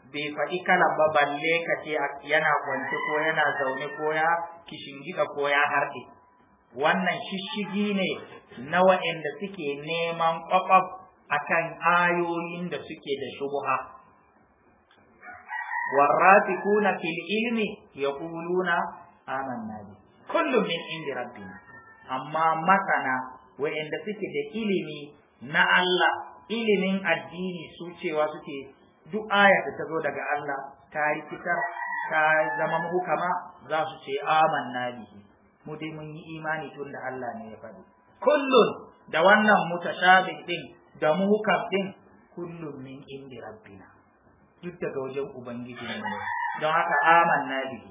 bai faɗi kalan ba balle ka ce yana kwance ko yana zaune ko ya kishingida ko ya harɗe wannan shishigi ne na wa'anda suke neman ƙwaƙwaf akan ayoyin da suke da shubuha. ilmi yaquluna amanna bi kullu min indi rabbina amma ربنا wa inda suke da ilimi na Allah ilimin addini su cewa suke duk aya da ta zo daga Allah ta rikitar ta zama hukama za su ce amanna bi mu dai mun yi imani tun da Allah ne ya faɗi kullun da wannan mutashabih din da muhukam din kullun min indi rabbina duk daga wajen ubangiji ne don haka amanna bihi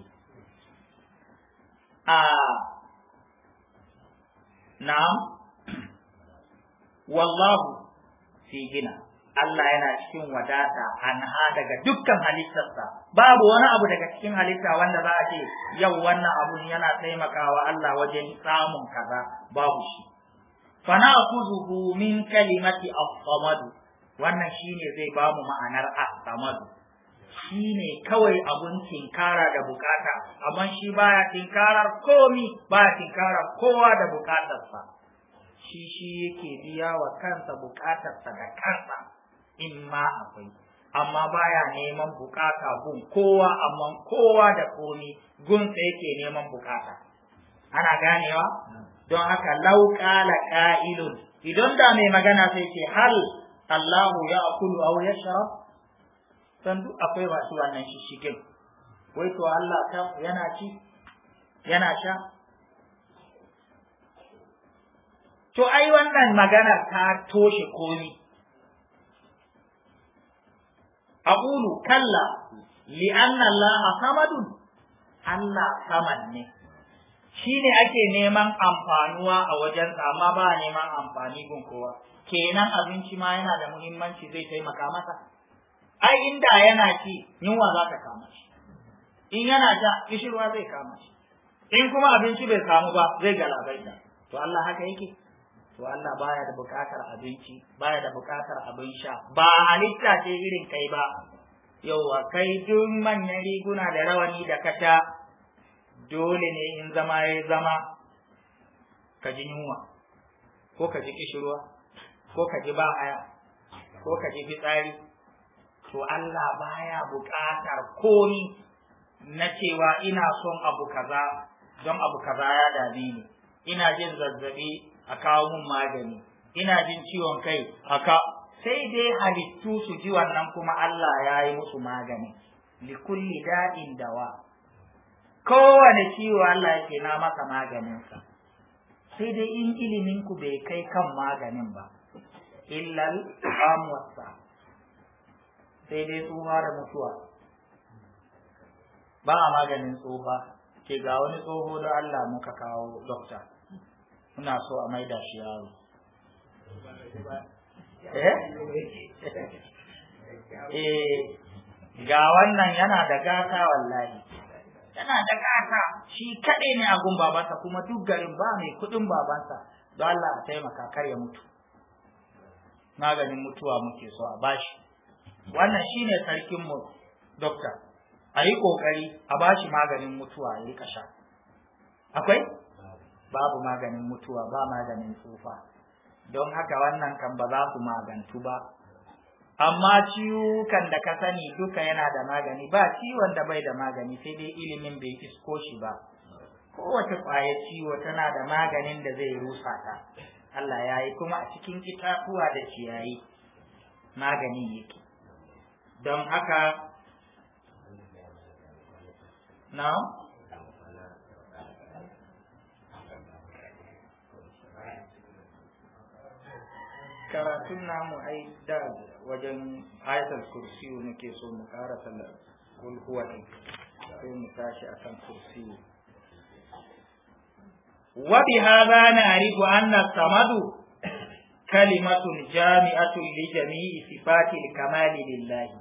a na. wallahu fi gina Allah yana cikin wadata anha daga dukkan halittarsa babu wani abu daga cikin halitta wanda za a ce yau wannan abun yana taimakawa Allah wajen samun kaza babu shi fana kuzuhu min kalimati as-samad wannan shine zai ba mu ma'anar asamadu shi shine kawai abun tinkara da bukata amma shi baya tinkarar komi baya tinkarar kowa da bukatarsa shi shi yake biya wa kansa bukatarsa da kansa in ma akwai amma baya neman bukata gun kowa amma kowa da komi gunsa yake neman bukata ana ganewa hmm. don haka lauƙala ƙa'ilun idan da mai magana sai ce hal Allahu ya akulu aw shara san duk akwai masu wannan shishigin wai to Allah ta yana ci yana sha to ai wannan magana ta toshe komi aqulu kalla li anna Allah samadun Allah saman ne Shi ne ake neman amfanuwa a wajen amma ba neman amfani gun kowa kenan abinci ma yana da muhimmanci zai taimaka masa ai inda yana ci yunwa za ta kama shi in yana ja kishirwa zai kama shi in kuma abinci bai samu ba zai galabaita to Allah haka yake to Allah baya da bukatar abinci baya da bukatar abin sha ba halitta ce irin kai ba yauwa kai duk manyan riguna da rawani da kasha dole ne in zama ya zama ka ji yunwa ko ka ji kishirwa ko ka ji ba ko ka ji fitsari to Allah baya buƙatar komi na cewa ina son abu kaza don abu kaza ya dame ni ina jin zazzabi a kawo mun magani ina jin ciwon kai ka. sai dai halittu su ji wannan kuma Allah ya yi musu magani likulli da'in dawa kowane ciwo Allah yake na masa maganinsa sai dai in ilimin ku bai kai kan maganin ba illal amwasa sai dai tsufa da mutuwa ba a maganin tsufa ke ga wani tsoho da Allah muka kawo dokta muna so a maida shi yaro eh, eh ga wannan yana da gata wallahi Tana da ƙasa shi kaɗai ne a gun babansa kuma duk garin ba mai kuɗin babansa don Allah a taimaka kar ya mutu maganin mutuwa muke so a bashi wannan shine sarkin mu dokta a yi ƙoƙari a bashi maganin mutuwa ya yi kasha akwai babu maganin mutuwa ba maganin tsufa don haka wannan kan ba za su magantu ba amma ciwukan da ka sani duka yana da magani ba ciwon da bai da magani sai dai ilimin bai isko shi ba kowace kwaye ciwo tana da maganin da zai rusa ta Allah ya yi kuma a cikin itatuwa da ciyayi maganin yake don haka na karatun namu ai da wajen ayatul kursi nake so mu ƙara sallar kul huwa din sai mu tashi akan kursi wa bi hadha na'rifu anna samadu kalimatun jami'atun li jami'i sifatil kamali lillahi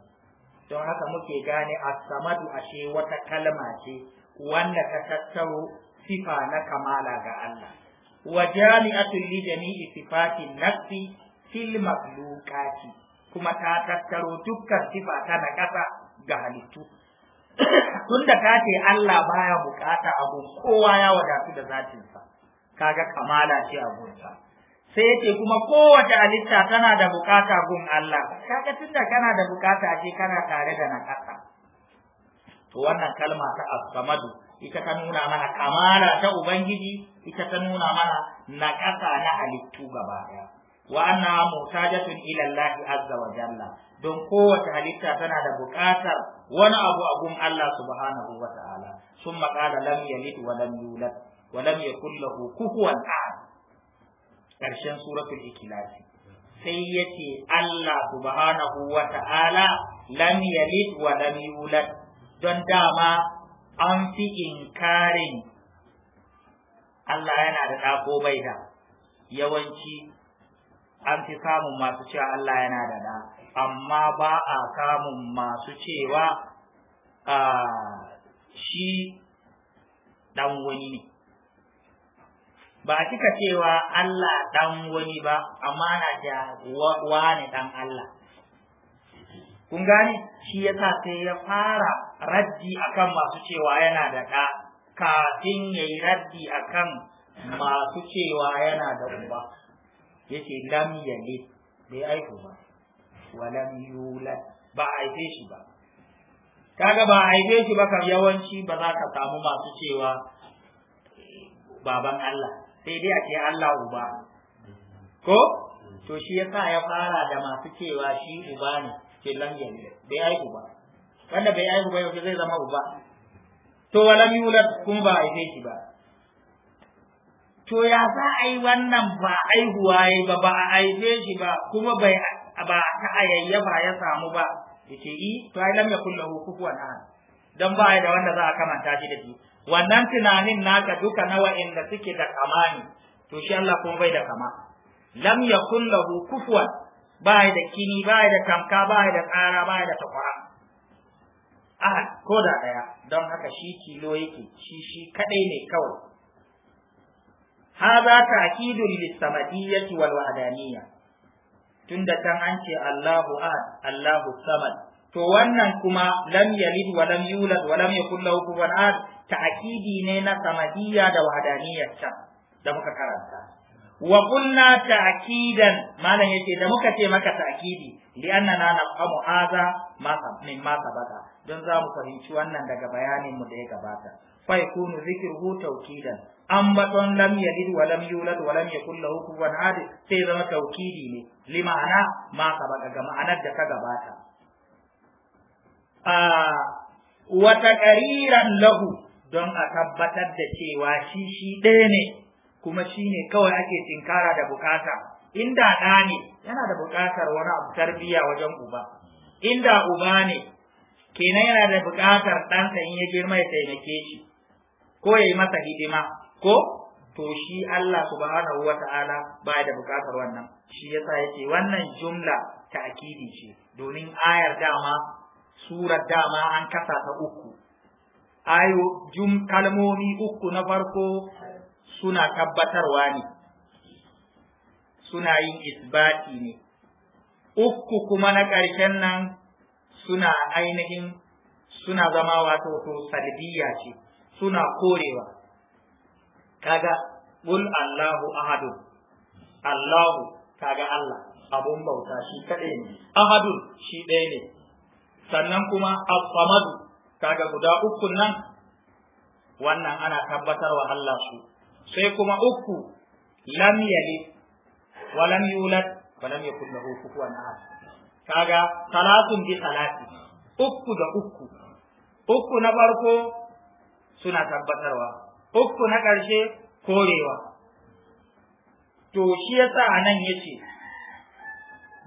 don haka muke gane as-samadu ashe wata kalma ce wanda ta tattaro sifa na kamala ga Allah wa jami'atun li jami'i sifatin nafsi fil makhluqati kuma ta tattaro dukkan sifa ta na ƙasa ga halittu Tun da ka ce Allah baya bukata abu kowa ya wadatu da zatinsa kaga kamala ce a gunsa sai yace kuma kowace halitta tana da bukata gun Allah kaga da kana da bukata ce kana tare da na ƙasa to wannan kalma ta Asamadu, ita ta nuna mana kamala ta ubangiji ita ta nuna mana na ƙasa na halittu gaba ɗaya wa anna mutajatun ila Allah azza wa jalla don kowace halitta tana da buƙatar wani abu abun gun Allah subhanahu wa ta'ala sun maƙala lam yalid wa lam yulad wa lam yakul lahu kufuwan ahad ƙarshen suratul ikilasi sai yace Allah subhanahu wa ta'ala lam yalid wa lam yulad don dama an fi inkarin Allah yana da ɗako bai da yawanci an fi samun masu cewa Allah yana da da amma ba a samun masu cewa shi dan wani ne ba a cewa Allah dan wani ba amma ana da wani dan Allah kun gane shi yasa sai ya fara raddi akan masu cewa yana da ɗa kafin ya yi raddi akan masu cewa yana da uba yace lam yalid bai aiko ba wa lam yulad ba aife shi ba kaga ba aife shi ba kam yawanci ba za ka samu masu cewa baban Allah sai dai a ce Allah uba ko to shi yasa ya fara da masu cewa shi uba ne ce lam yalid bai aiko ba wanda bai aiko ba yau zai zama uba to walam yulad kuma ba aife shi ba to ya za a yi wannan ba aihuwa ya ba ba a aife shi ba kuma bai ba ta ayayyafa ya samu ba yace i to ai lam yakul lahu kufuwan ahad dan ba da wanda za a kamanta shi da shi wannan tunanin naka duka nawa inda suke da kamani to shi Allah kuma bai da kama lam yakul lahu kufuwan ba da kini ba da tamka ba da tsara ba da takwara ahad ko da ɗaya. don haka shi kilo yake shi shi kadai ne kawai hadha ta'kidun lis-samadiyyati wal wahdaniyya tunda can an ce Allahu ahad Allahu samad to wannan kuma lam yalid wa lam yulad wa lam yakul lahu kufuwan ahad ta'kidi ne na samadiyya da wahdaniyyar da muka karanta wa kunna ta'kidan malam yace da muka ce maka ta'kidi li annana nafhamu hadha ma min ma sabata don zamu fahimci wannan daga bayanin mu da ya gabata fa yakunu zikruhu tawkidan An baton lam yalid wa lam yulad wa lam yakul lahu kufuwan ahad sai zama taukidi ne limana, ma ka baka ga ma'anar da ka gabata a ah, wa taqriran lahu don a tabbatar da cewa shi shi ɗaya ne kuma shi ne kawai ake tinkara da bukata inda ɗa ne yana da bukatar wani abu tarbiya wajen uba inda uba ne kenan yana da bukatar ɗansa in ya girma ya taimake shi ko ya yi masa hidima ko to shi Allah subhanahu wata'ala baya da bukatar wannan shi yasa yake wannan jumla ta'kidi ce domin ayar dama surat dama an kasa ukku. uku ayo jum kalmomi ukku na farko suna tabbatarwa ne suna yin isbati ne Ukku kuma na ƙarshen nan suna ainihin suna zama wato to salbiya ce suna korewa kaga qul allahu ahadu allahu kaga allah abun bauta shi kadai ne ahadu shi ɗaya ne sannan kuma as-samadu kaga guda uku nan wannan ana tabbatarwa Allah su sai kuma uku lam yalid wa lam yulad wa lam yakul lahu kufuwan ahad kaga salatun bi salati uku da uku uku na farko suna tabbatarwa uku na ƙarshe korewa to shi ya sa a nan ya ce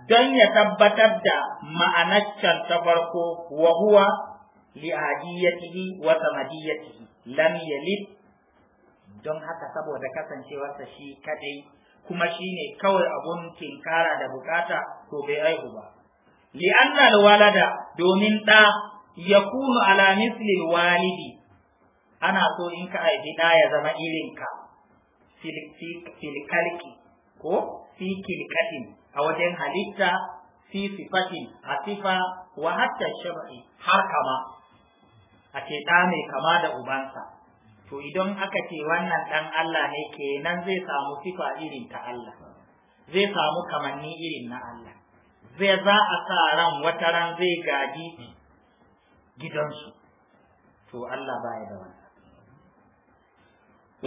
don ya tabbatar da ma'anaccen ta farko wa huwa li'adiyyatihi wa samadiyyatihi lam yalid don haka saboda kasancewarsa shi kaɗai kuma shi ne kawai abun tinkara da bukata to bai aihu ba li'anna walada domin da yakunu ala misli walidi ana so in ka haifi ɗa ya zama irinka filikalki ko fi kilikatin a wajen halitta fi sifatin a sifa wa hatta shaba'i har kama a ce ɗa mai kama da ubansa to idan aka ce wannan ɗan Allah ne kenan zai samu sifa irin ta Allah zai samu kamanni irin na Allah zai za a sa ran wata ran zai gaji gidansu to Allah baya da wani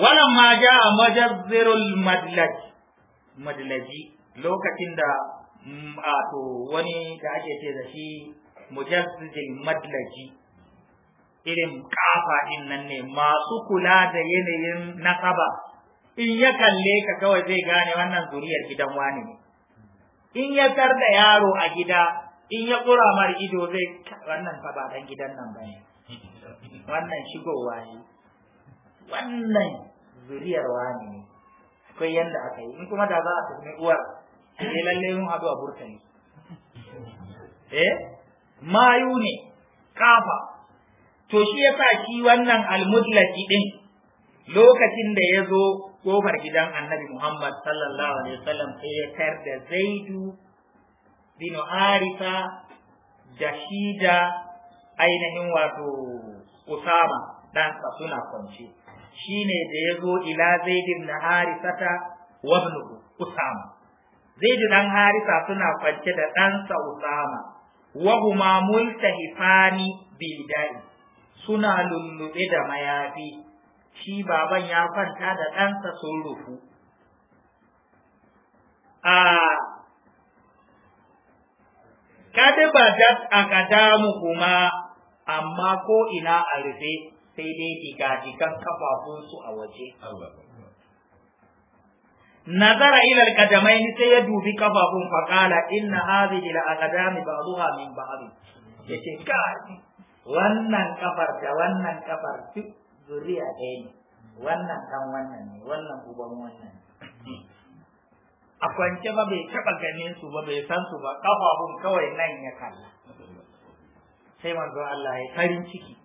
ma ja majazzirul madlaj madlaji lokacin da mm, to wani da ake ce da shi mujazzijil madlaji irin kafa din nan ne masu kula da yanayin nasaba in ya kalle ka kawai zai gane wannan zuriyar gidan wani ne in ya tar da yaro a gida in ya kura mar ido zai wannan fa ba dan gidan nan bane wannan shigowa ne wannan zuriyar wani ne akwai yanda aka yi in kuma da za a tafi uwar sai eh, lalle mun haɗu a ne eh mayu ne kafa to shi ya sa shi wannan almudlaki din lokacin da ya zo kofar gidan annabi Muhammad sallallahu alaihi wasallam sai ya tar da Zaidu bin arifa da shida, ainihin wato Usama dan suna kwance shine da ya zo ila zaidin na harisata wa usama zaidu dan harisa suna kwance da ɗansa usama wa huma multahifani bidai suna lullube da mayafi shi baban ya kwanta da ɗansa sun rufu a kadiba ba a kadamu kuma amma ko ina a rufe sai dai diga-digan kafafunsu a waje. Nazara ilal kadamai sai ya dubi kafafun faƙala inna hadhihi la aqdami ba'dha min Ya Yace ka wannan kafar da wannan kafar duk zuriya ɗaya ne. Wannan kan wannan ne, wannan uban wannan. A kwance ba bai taɓa ganin su ba bai san su ba kafafun kawai nan ya kalla. Sai manzo Allah ya farin ciki.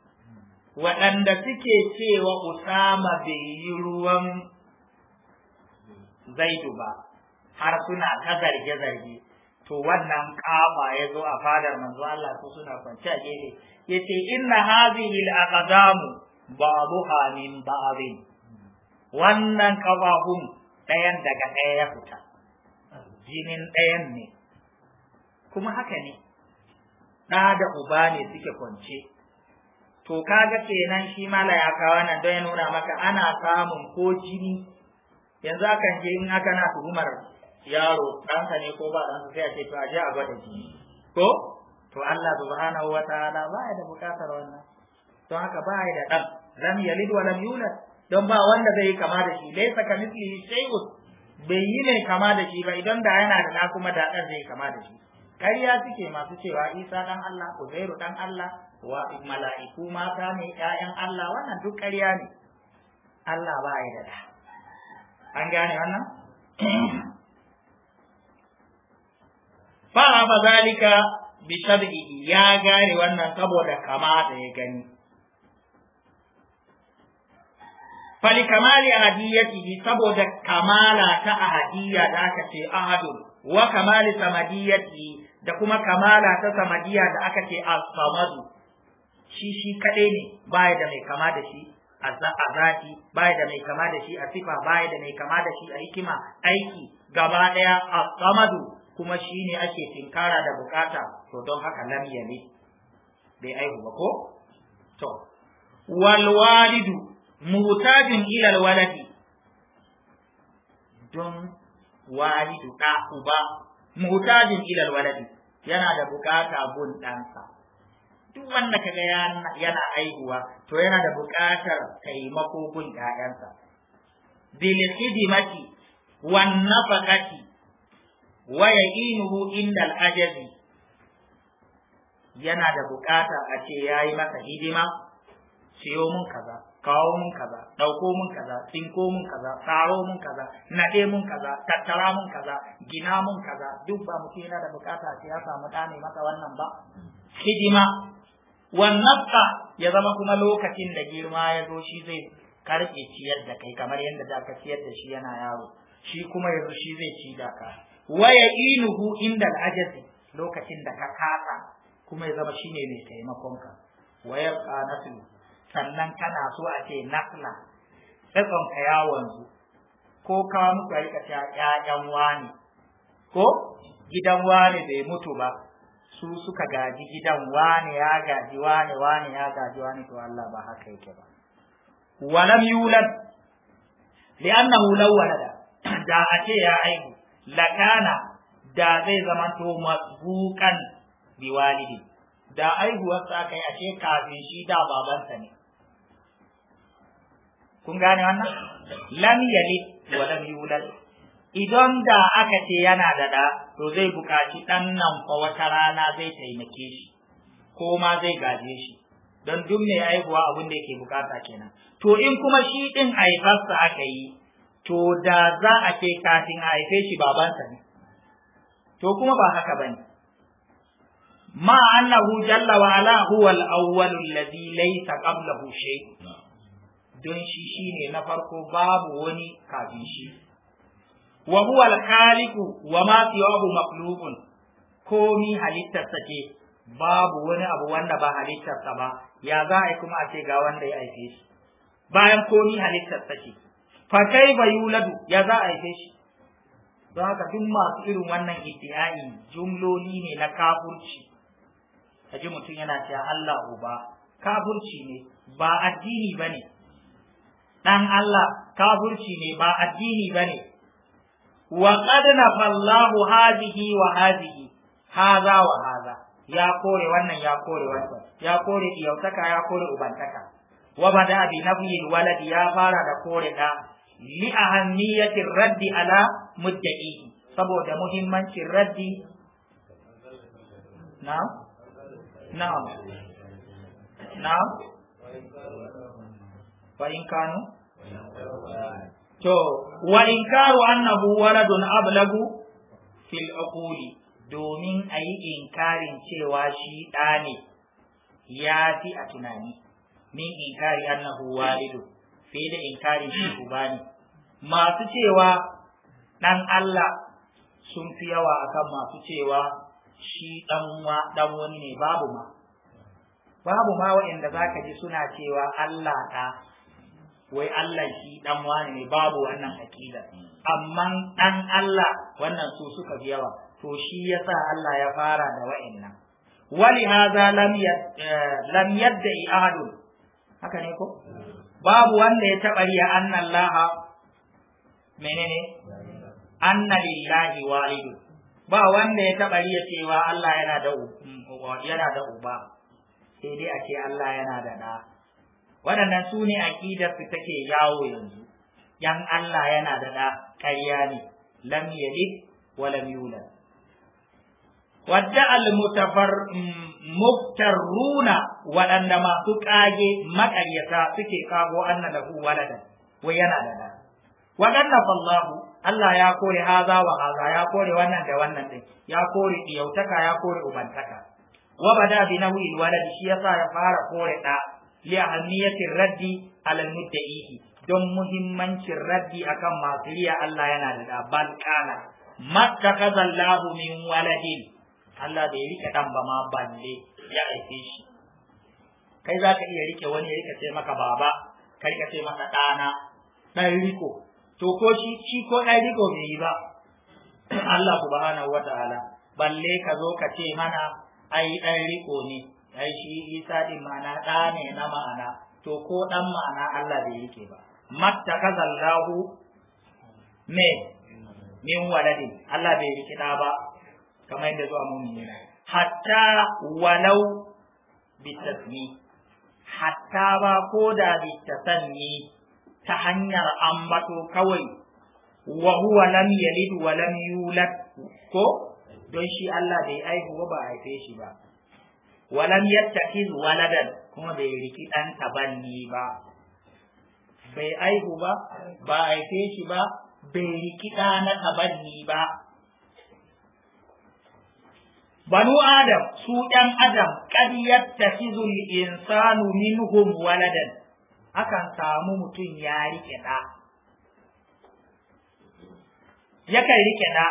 waɗanda suke cewa Usama bai yi ruwan zaidu ba har suna ta zarge-zarge to wannan kama ya zo a fadar manzo Allah su suna kwance a gefe ya yace inna hadhihi al-aqdam ba'daha min ba'dhin wannan kafafun ɗayan daga ɗaya ya fita jinin ɗayan ne kuma haka ne ɗa da uba ne suke kwance to kaga kenan shi mala ya kawo nan don ya nuna maka ana samun ko jini yanzu akan je in aka na tuhumar yaro ɗansa ne ko ba ɗansa sai a ce to a je a gwada jini ko to Allah subhanahu wa ta'ala ba ya da bukatar wannan don haka ba ya da ɗan lam yalid wa lam yulad don ba wanda zai yi kama da shi laysa kamithlihi shay'un bai yi mai kama da shi ba idan da yana da na kuma da ɗan zai kama da shi ƙarya suke masu cewa isa ɗan Allah uzairu ɗan Allah wa mala'iku mata ne ƴaƴan Allah wannan duk ƙarya ne Allah ba ya da an gane wannan fa ba zalika bi shar'i ya gane wannan saboda kama da ya gani fali kamali ahadiyatihi saboda kamala ta ahadiyya da aka ce ahadun wa kamali samadiyatihi da kuma kamala ta samadiyya da aka ce as-samadu shi shi kadai ne baya da mai kama da shi a zafi baya da mai kama da shi a sifa baya da mai kama da shi a hikima aiki gaba ɗaya a samadu kuma shi ne ake tinkara da bukata to don haka lam yali bai aihu ba ko to wal walidu mutajin ila waladi don walidu da uba mutajin ila waladi yana da bukata bun ɗansa. duk wanda kaga yana aihuwa to yana da buƙatar taimako gun ƴaƴansa bil khidmati wan nafaqati wa ya'inuhu indal ajabi yana da buƙatar a ce yayi masa hidima siyo mun kaza kawo mun kaza ɗauko mun kaza tsinko mun kaza tsaro mun kaza naɗe mun kaza tattara mun kaza gina mun kaza duk ba mutum yana da buƙata ce ya samu ɗa masa wannan ba hidima wannafa ya zama kuma lokacin da girma ya zo shi zai karfe ciyar da kai kamar yadda za ka ciyar da shi yana yaro shi kuma yanzu shi zai ci da ka waya inuhu inda al'ajazi lokacin da ka kasa kuma ya zama shi ne mai taimakon ka wayar qanatul sannan kana so a ce nasla tsakon ka ya wanzu? ko ka musu rika ta ƴaƴan wani ko gidan wani bai mutu ba su suka gaji gidan wane ya gaji wane wane ya gaji wane to Allah ba haka yake ba walam yulad li'annahu law walada da a ce ya aihu lakana da zai zama to mazbuqan bi walidi da aihuwar sa kai ashe kafin shi da babansa ne kun gane wannan lam yalid wa lam yulad idan da aka ce yana da ɗa to zai buƙaci ɗan nan fa wata rana zai taimake shi ko ma zai gaje shi don duk mai haihuwa abin da yake bukata kenan to in kuma shi ɗin haifarsa aka yi to da za a ce kafin a haife shi babansa ne to kuma ba haka ba ne ma annahu jalla wa ala huwa al-awwal alladhi laysa qablahu shay'un. don shi shine na farko babu wani kafin shi wa huwa al-khaliqu wa ma siwahu makhluqun komi halittarsa ce babu wani abu wanda ba halittarsa ba ya za a kuma a ce ga wanda ya haife shi bayan komi halittarsa ce fa kai ba yuladu ya za a haife shi don haka duk masu irin wannan iddiai jumloli ne na kafurci kaji mutum yana cewa Allah uba kafurci ne ba addini bane dan Allah kafurci ne ba addini bane wa qad nafallahu hadhihi wa hadhihi hadha wa hadha ya kore wannan ya kore wannan ya kore iyautaka ya kore ubantaka wa bada bi nafyil waladi ya fara da kore da li ahammiyati raddi ala mudda'i saboda muhimmancin raddi na na na fa in kanu to wa inkaru annahu waladun ablagu fil aquli domin ayi yi inkarin cewa shi ɗa ne ya fi a tunani min inkari annahu walidu fi da inkari shi ubani masu cewa ɗan Allah sun fi yawa akan masu cewa shi ɗan wani ne babu ma babu ma waɗanda za ka ji suna cewa Allah ta. wai Allah shi dan wani ne babu wannan aqida amma dan Allah wannan su suka fi yawa to shi yasa Allah ya fara da wa'annan wali hadha lam eh, lam yad'i ahadun haka ne ko babu wanda ya taba riya anna Allah menene anna lillahi walidu ba wanda ya taba riya cewa Allah yana da yana da uba sai dai a ce Allah yana da da waɗannan su ne aƙidar su take yawo yanzu yan Allah yana da ɗa ƙarya ne lam yalid wa lam yulad wadda al Muktar muftaruna waɗanda masu ƙage maƙaryata suke kago anna lahu walada wai yana da ɗa waɗanda fallahu Allah ya kore haza wa haza ya kore wannan da wannan ɗin ya kore ɗiyautaka ya kore ubantaka wa bada bi nahwi walad shi yasa ya fara kore ɗa li'amiyatir raddi alal mudda'i don muhimmancin raddi akan masu riya Allah yana da ban kana mattakaza Allah min waladin Allah bai rike dan ba ma balle ya aike shi kai zaka iya rike wani ya rike sai maka baba ka rike sai maka dana dan riko to ko shi shi ko dan riko bai yi ba Allah subhanahu wataala balle ka zo ka ce mana ai dan riko ne ai shi isa din ma'ana da ne na ma'ana to ko ɗan ma'ana Allah bai yake ba mattakazallahu me min waladin Allah bai riki ɗa ba kamar yadda zuwa yi hatta walau tasmi hatta ba ko da bitasanni ta hanyar ambato kawai wa huwa lam yalid wa lam yulad ko don shi Allah bai aihu ba a haife shi ba walam yattakhiz waladan kuma bai riki dan tabanni ba bai aihu ba ba aife shi ba bai riki da na tabanni ba banu adam su ɗan adam kad yattakhizu al-insanu minhum waladan akan samu mutum ya rike da yakan rike da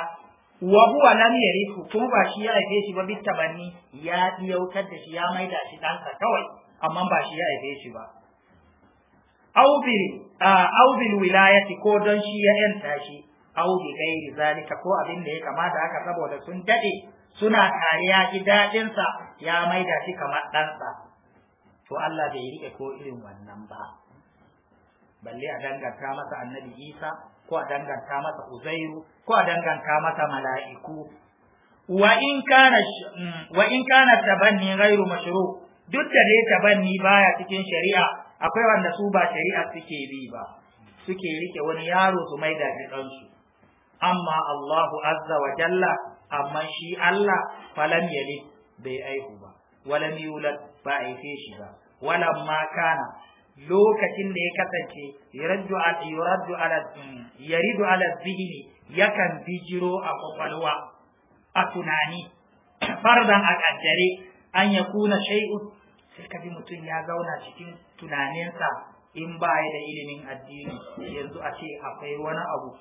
wa huwa lam yarithu kuma ba shi ya haife shi ba bitabanni ya diyautar da shi ya maida shi ɗansa kawai amma ba shi ya haife shi ba au bi wilayati ko don shi ya yanta shi au bi gairi zalika ko abin da ya kamata haka saboda sun dade suna kariya ji dadin sa ya maida shi kamar ɗansa to Allah bai rike ko irin wannan ba balle a danganta masa annabi Isa ko a danganta masa uzairu ko a danganta masa mala'iku wa in kana mm, wa in kana ghairu mashru duk da dai tabanni baya cikin shari'a akwai wanda su ba shari'a suke bi ba suke rike wani yaro su mai da ɗansu amma Allahu azza wa jalla amma shi Allah falam yali bai aihu ba wala yulad ba aife shi ba walam ma kana lokacin da ya kasance ya ala ala mm, yaridu ala yakan bijiro a kwakwalwa a tunani fardan a kaddare an ya kuna shay'u sai ka mutum ya zauna cikin tunaninsa in ba ya da ilimin addini yanzu a ce akwai wani abu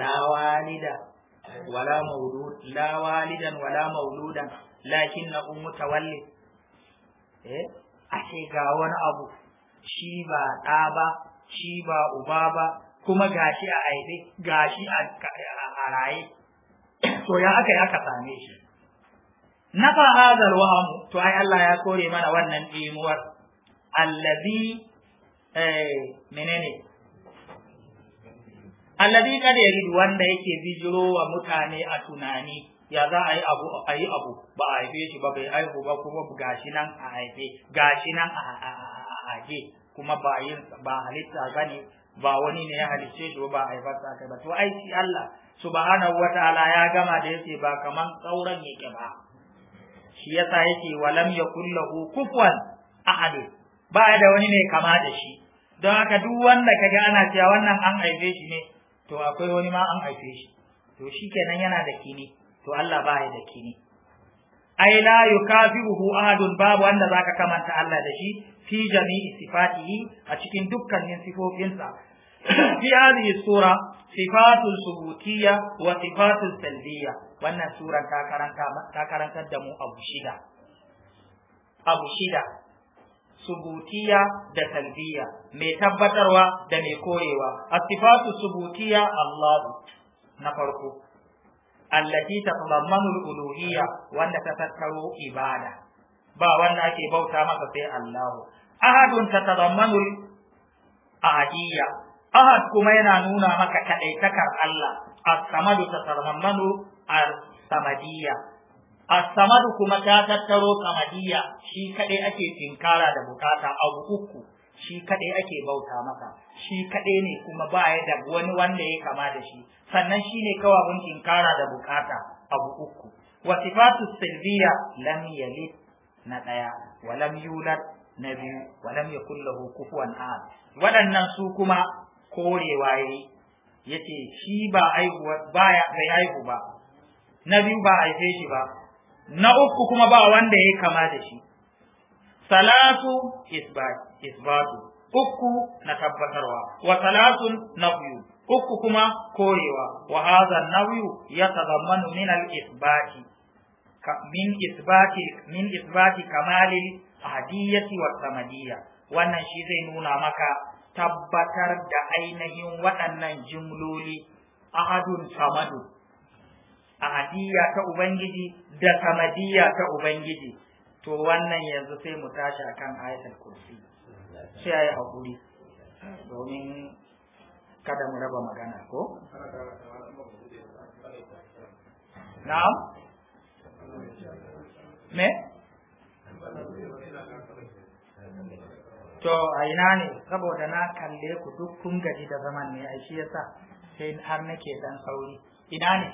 la walida wala wala mauludan lakin na ummu tawalli eh ake ga wani abu shi ba ɗa ba shi ba uba ba kuma gashi a aibe gashi a raye to ya aka yi aka same shi na fahadar wahamu to ai Allah ya kore mana wannan imuwar allazi eh, menene allazi kada ya wanda yake bijiro wa mutane a tunani ya za a yi abu a yi abu ba a haife shi ba bai aihu ba kuma gashi nan a haife gashi nan a haife kuma ba yi ba halitta gani ba wani ne ya halicce shi ba a sa kai ba to ai shi Allah subhanahu wataala ya gama da yake ba kaman sauran yake ba shi yasa yake walam yakul lahu kufuwan ahad ba da wani ne kama da shi don haka duk wanda kaga ana cewa wannan an haife shi ne to akwai wani ma an haife shi to shikenan yana da kini to Allah ba ya da kini ai la yukafiruhu ahadun babu wanda zaka kamanta Allah da shi fi jami'i sifatihi a cikin dukkanin sifofinsa fi hadhihi sura sifatu subutiyya wa sifatu salbiyya wannan sura ta karanta ta da mu abu shida abu shida subutiya da salbiya mai tabbatarwa da mai koyewa. as-sifatu subutiya Allah na farko allati ta al-uluhiyya wanda ta tattaro ibada ba wanda ake bauta masa sai Allah ahadun ta al-ahadiyya ahad kuma yana nuna maka kadaitakar Allah as-samadu tatadammamu al-samadiyya as-samadu kuma ta tattaro samadiyya shi kadai ake tinkara da bukata abu uku shi kaɗai ake bauta maka. shi kaɗai ne kuma ba ya da wani wanda ya kama da shi sannan shi ne mun inkara da bukata abu uku wa sifatu silbiya lam yalid na ɗaya wa lam yulad na biyu wa lam yakul lahu kufuwan ahad waɗannan su kuma korewa yayi yace shi ba aihuwa ba ya bai aihu ba na biyu ba aife shi ba na uku kuma ba wanda ya kama da shi salatu isbat isbatu uku na tabbatarwa wa salatun nafyu uku kuma korewa wa hadha nafyu yatadammanu min al-isbati min isbati min isbati kamali wa samadiyya wannan shi zai nuna maka tabbatar da ainihin waɗannan jimloli ahadun samadu ahadiyya ta ubangiji da samadiyya ta ubangiji to wannan yanzu sai mu tashi akan ayatul kursi sai ya yi haƙuri domin kada mu raba magana ko? na'am? me? to a ina ne saboda na kalle ku duk kun gaji da zaman ne a shi yasa sai har nake dan sauri ina ne?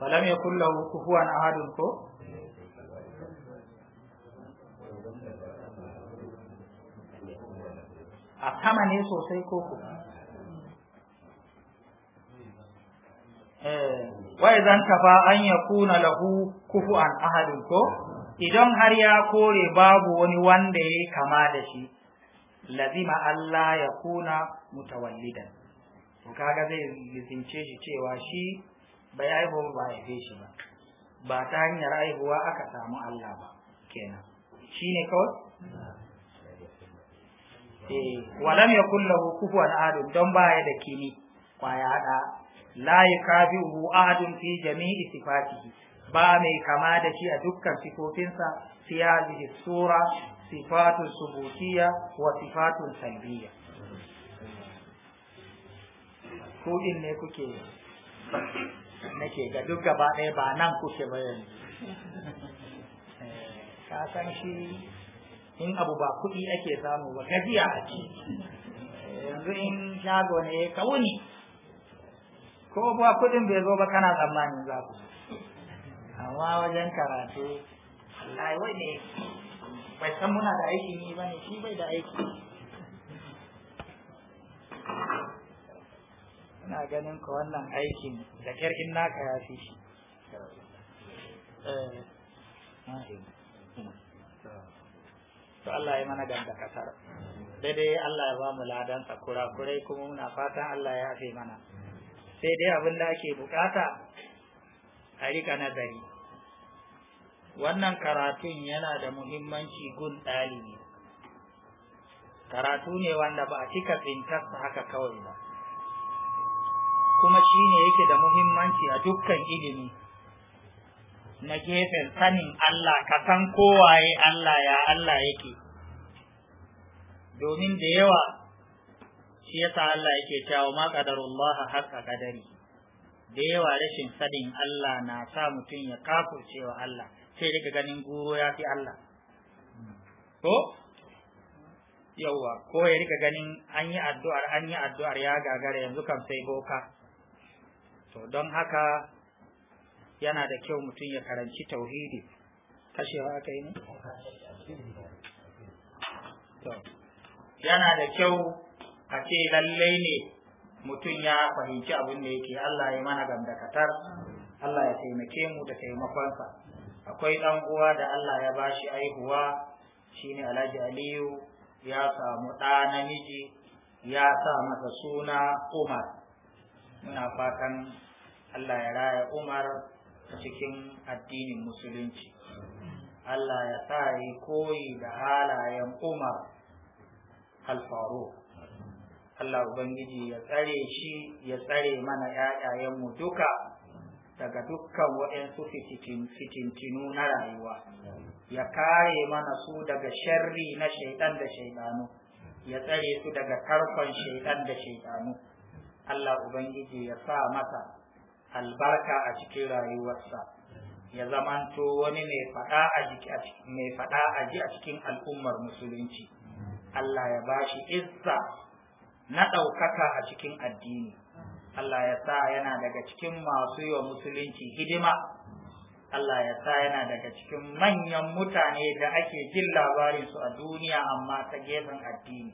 falam ya kulla kuhuwan ahadun ko? a sama ne sosai ko ku eh, wai zan tafa an ya kuna lahu kufu an ahadin ko idan har ya kore babu wani wanda ya kama da shi lazima Allah ya kuna mutawallidan to kaga zai lizince shi cewa shi bai ya haihu ba ya haife shi ba ba ta hanyar haihuwa aka samu Allah ba kenan ne kawai eh walam yakul lahu kufuwan al'adun don baya da kini kwaya hada la hu ahadun fi jami'i sifatihi ba mai kama da shi a dukkan sifofinsa fi hadhihi sura sifatu Subutiya wa sifatu salbiya. ko ne kuke nake ga duk gaba ɗaya ba nan kuke ba yanzu ka san shi in abu ba kuɗi ake samu ba gajiya a ce yanzu in shago ne ka wuni ko ba kuɗin bai zo ba kana tsammanin za ku amma wajen karatu Allah wai ne bai san muna da aiki ni ba ne shi bai da aiki ina ganin ka wannan aikin da kyar in naka ya fi shi eh to Allah ya mana ganda kasar dai Allah ya ba mu ladan sakura kurai kuma muna fatan Allah ya haife mana sai dai abin da ake bukata a rika nazari wannan karatun yana da muhimmanci gun ɗalibi karatu ne wanda ba a cika tsintarsa haka kawai ba kuma shi ne yake da muhimmanci a dukkan ilimi na gefen sanin Allah ka san kowaye Allah ya Allah yake domin da yawa shi yasa Allah yake cewa ma qadarullah haqqa qadari da yawa rashin sanin Allah na sa mutum ya kafurcewa Allah sai daga ganin goro ya fi Allah ko yauwa ko ya rika ganin an yi addu'ar an yi addu'ar ya gagara yanzu kan sai boka to don haka yana da kyau mutum ya karanci tauhidi kashewa aka yi ne yana da kyau a ce lallai ne mutum ya fahimci abin da yake Allah ya mana gamdakatar Allah ya taimake mu da taimakonsa akwai ɗan uwa da Allah ya ba shi aihuwa shine Alhaji Aliyu ya samu ɗa namiji ya sa masa suna Umar muna fatan Allah ya raya Umar cikin addinin musulunci Allah ya sa yi koyi da halayen Umar alfaro Allah Ubangiji ya tsare shi ya tsare mana ‘ya'yayenmu duka daga dukkan waɗansu fitintinu na rayuwa ya kare mana su daga sharri na shaidan da shaidanu ya tsare su daga karfan shaidan da shaidanu Allah Ubangiji ya sa masa albarka a cikin rayuwarsa ya zamanto wani mai faɗa a ji a cikin al'ummar musulunci Allah ya bashi izza na ɗaukaka a cikin addini Allah ya sa yana daga cikin masu yi musulunci hidima Allah ya sa yana daga cikin manyan mutane da ake jin labarin su a duniya amma ta gefen addini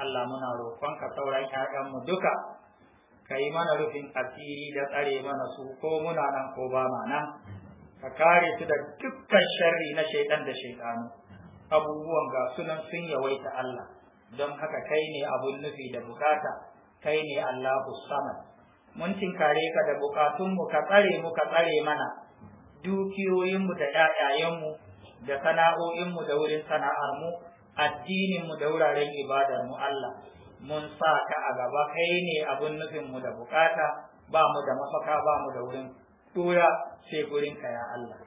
Allah muna roƙonka sauran 'ya'yanmu duka ka yi mana rufin asiri da tsare mana su ko muna nan ko ba ma nan ka kare su da dukkan sharri na shaidan da shaidanu abubuwan ga sunan sun yawaita Allah don haka kai ne abun nufi da bukata kai ne Allahu samad mun tinkare ka da bukatun mu ka tsare mu ka tsare mana mu da mu da sana'o'inmu da wurin sana'ar mu, addininmu da wuraren ibadar mu Allah mun sa ka a gaba kai ne abin nufin mu da bukata ba mu da mafaka ba mu da wurin tura sai gurin ka ya Allah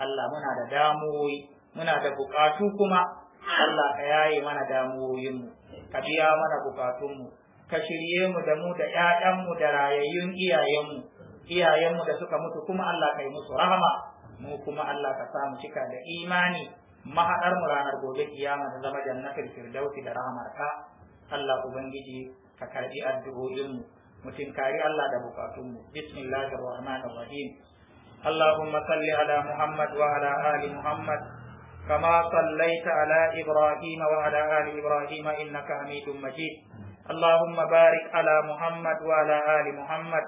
Allah muna da damuwoyi muna da bukatu kuma Allah ka yaye mana damuwoyin mu ka biya mana bukatun mu ka shirye mu da mu da ƴaƴan mu da rayayyun iyayen mu iyayen mu da suka mutu kuma Allah ka yi musu rahama mu kuma Allah ka samu cika da imani mahaɗarmu mu ranar gobe kiyama da zama jannatul firdausi da rahmarka Allah ubangiji ka karbi addu'o'inmu mu tinkari Allah da bukatunmu bismillahir rahmanir rahim اللهم صل على محمد وعلى آل محمد كما صليت على إبراهيم وعلى آل إبراهيم إنك حميد مجيد اللهم بارك على محمد وعلى آل محمد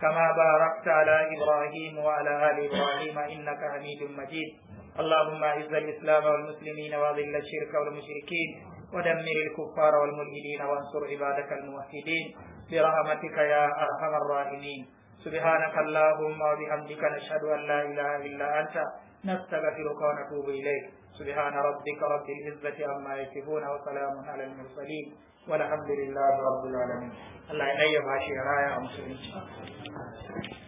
كما باركت على إبراهيم وعلى آل إبراهيم إنك حميد مجيد اللهم أعز الإسلام والمسلمين وأذل الشرك والمشركين ودمر الكفار والملحدين وانصر عبادك الموحدين برحمتك يا أرحم الراحمين سبحانك اللهم وبحمدك نشهد أن لا إله إلا أنت نستغفرك ونتوب إليك سبحان ربك رب العزة عما يصفون وسلام على المرسلين والحمد لله رب العالمين الله يحيي باشي رايا مسلمين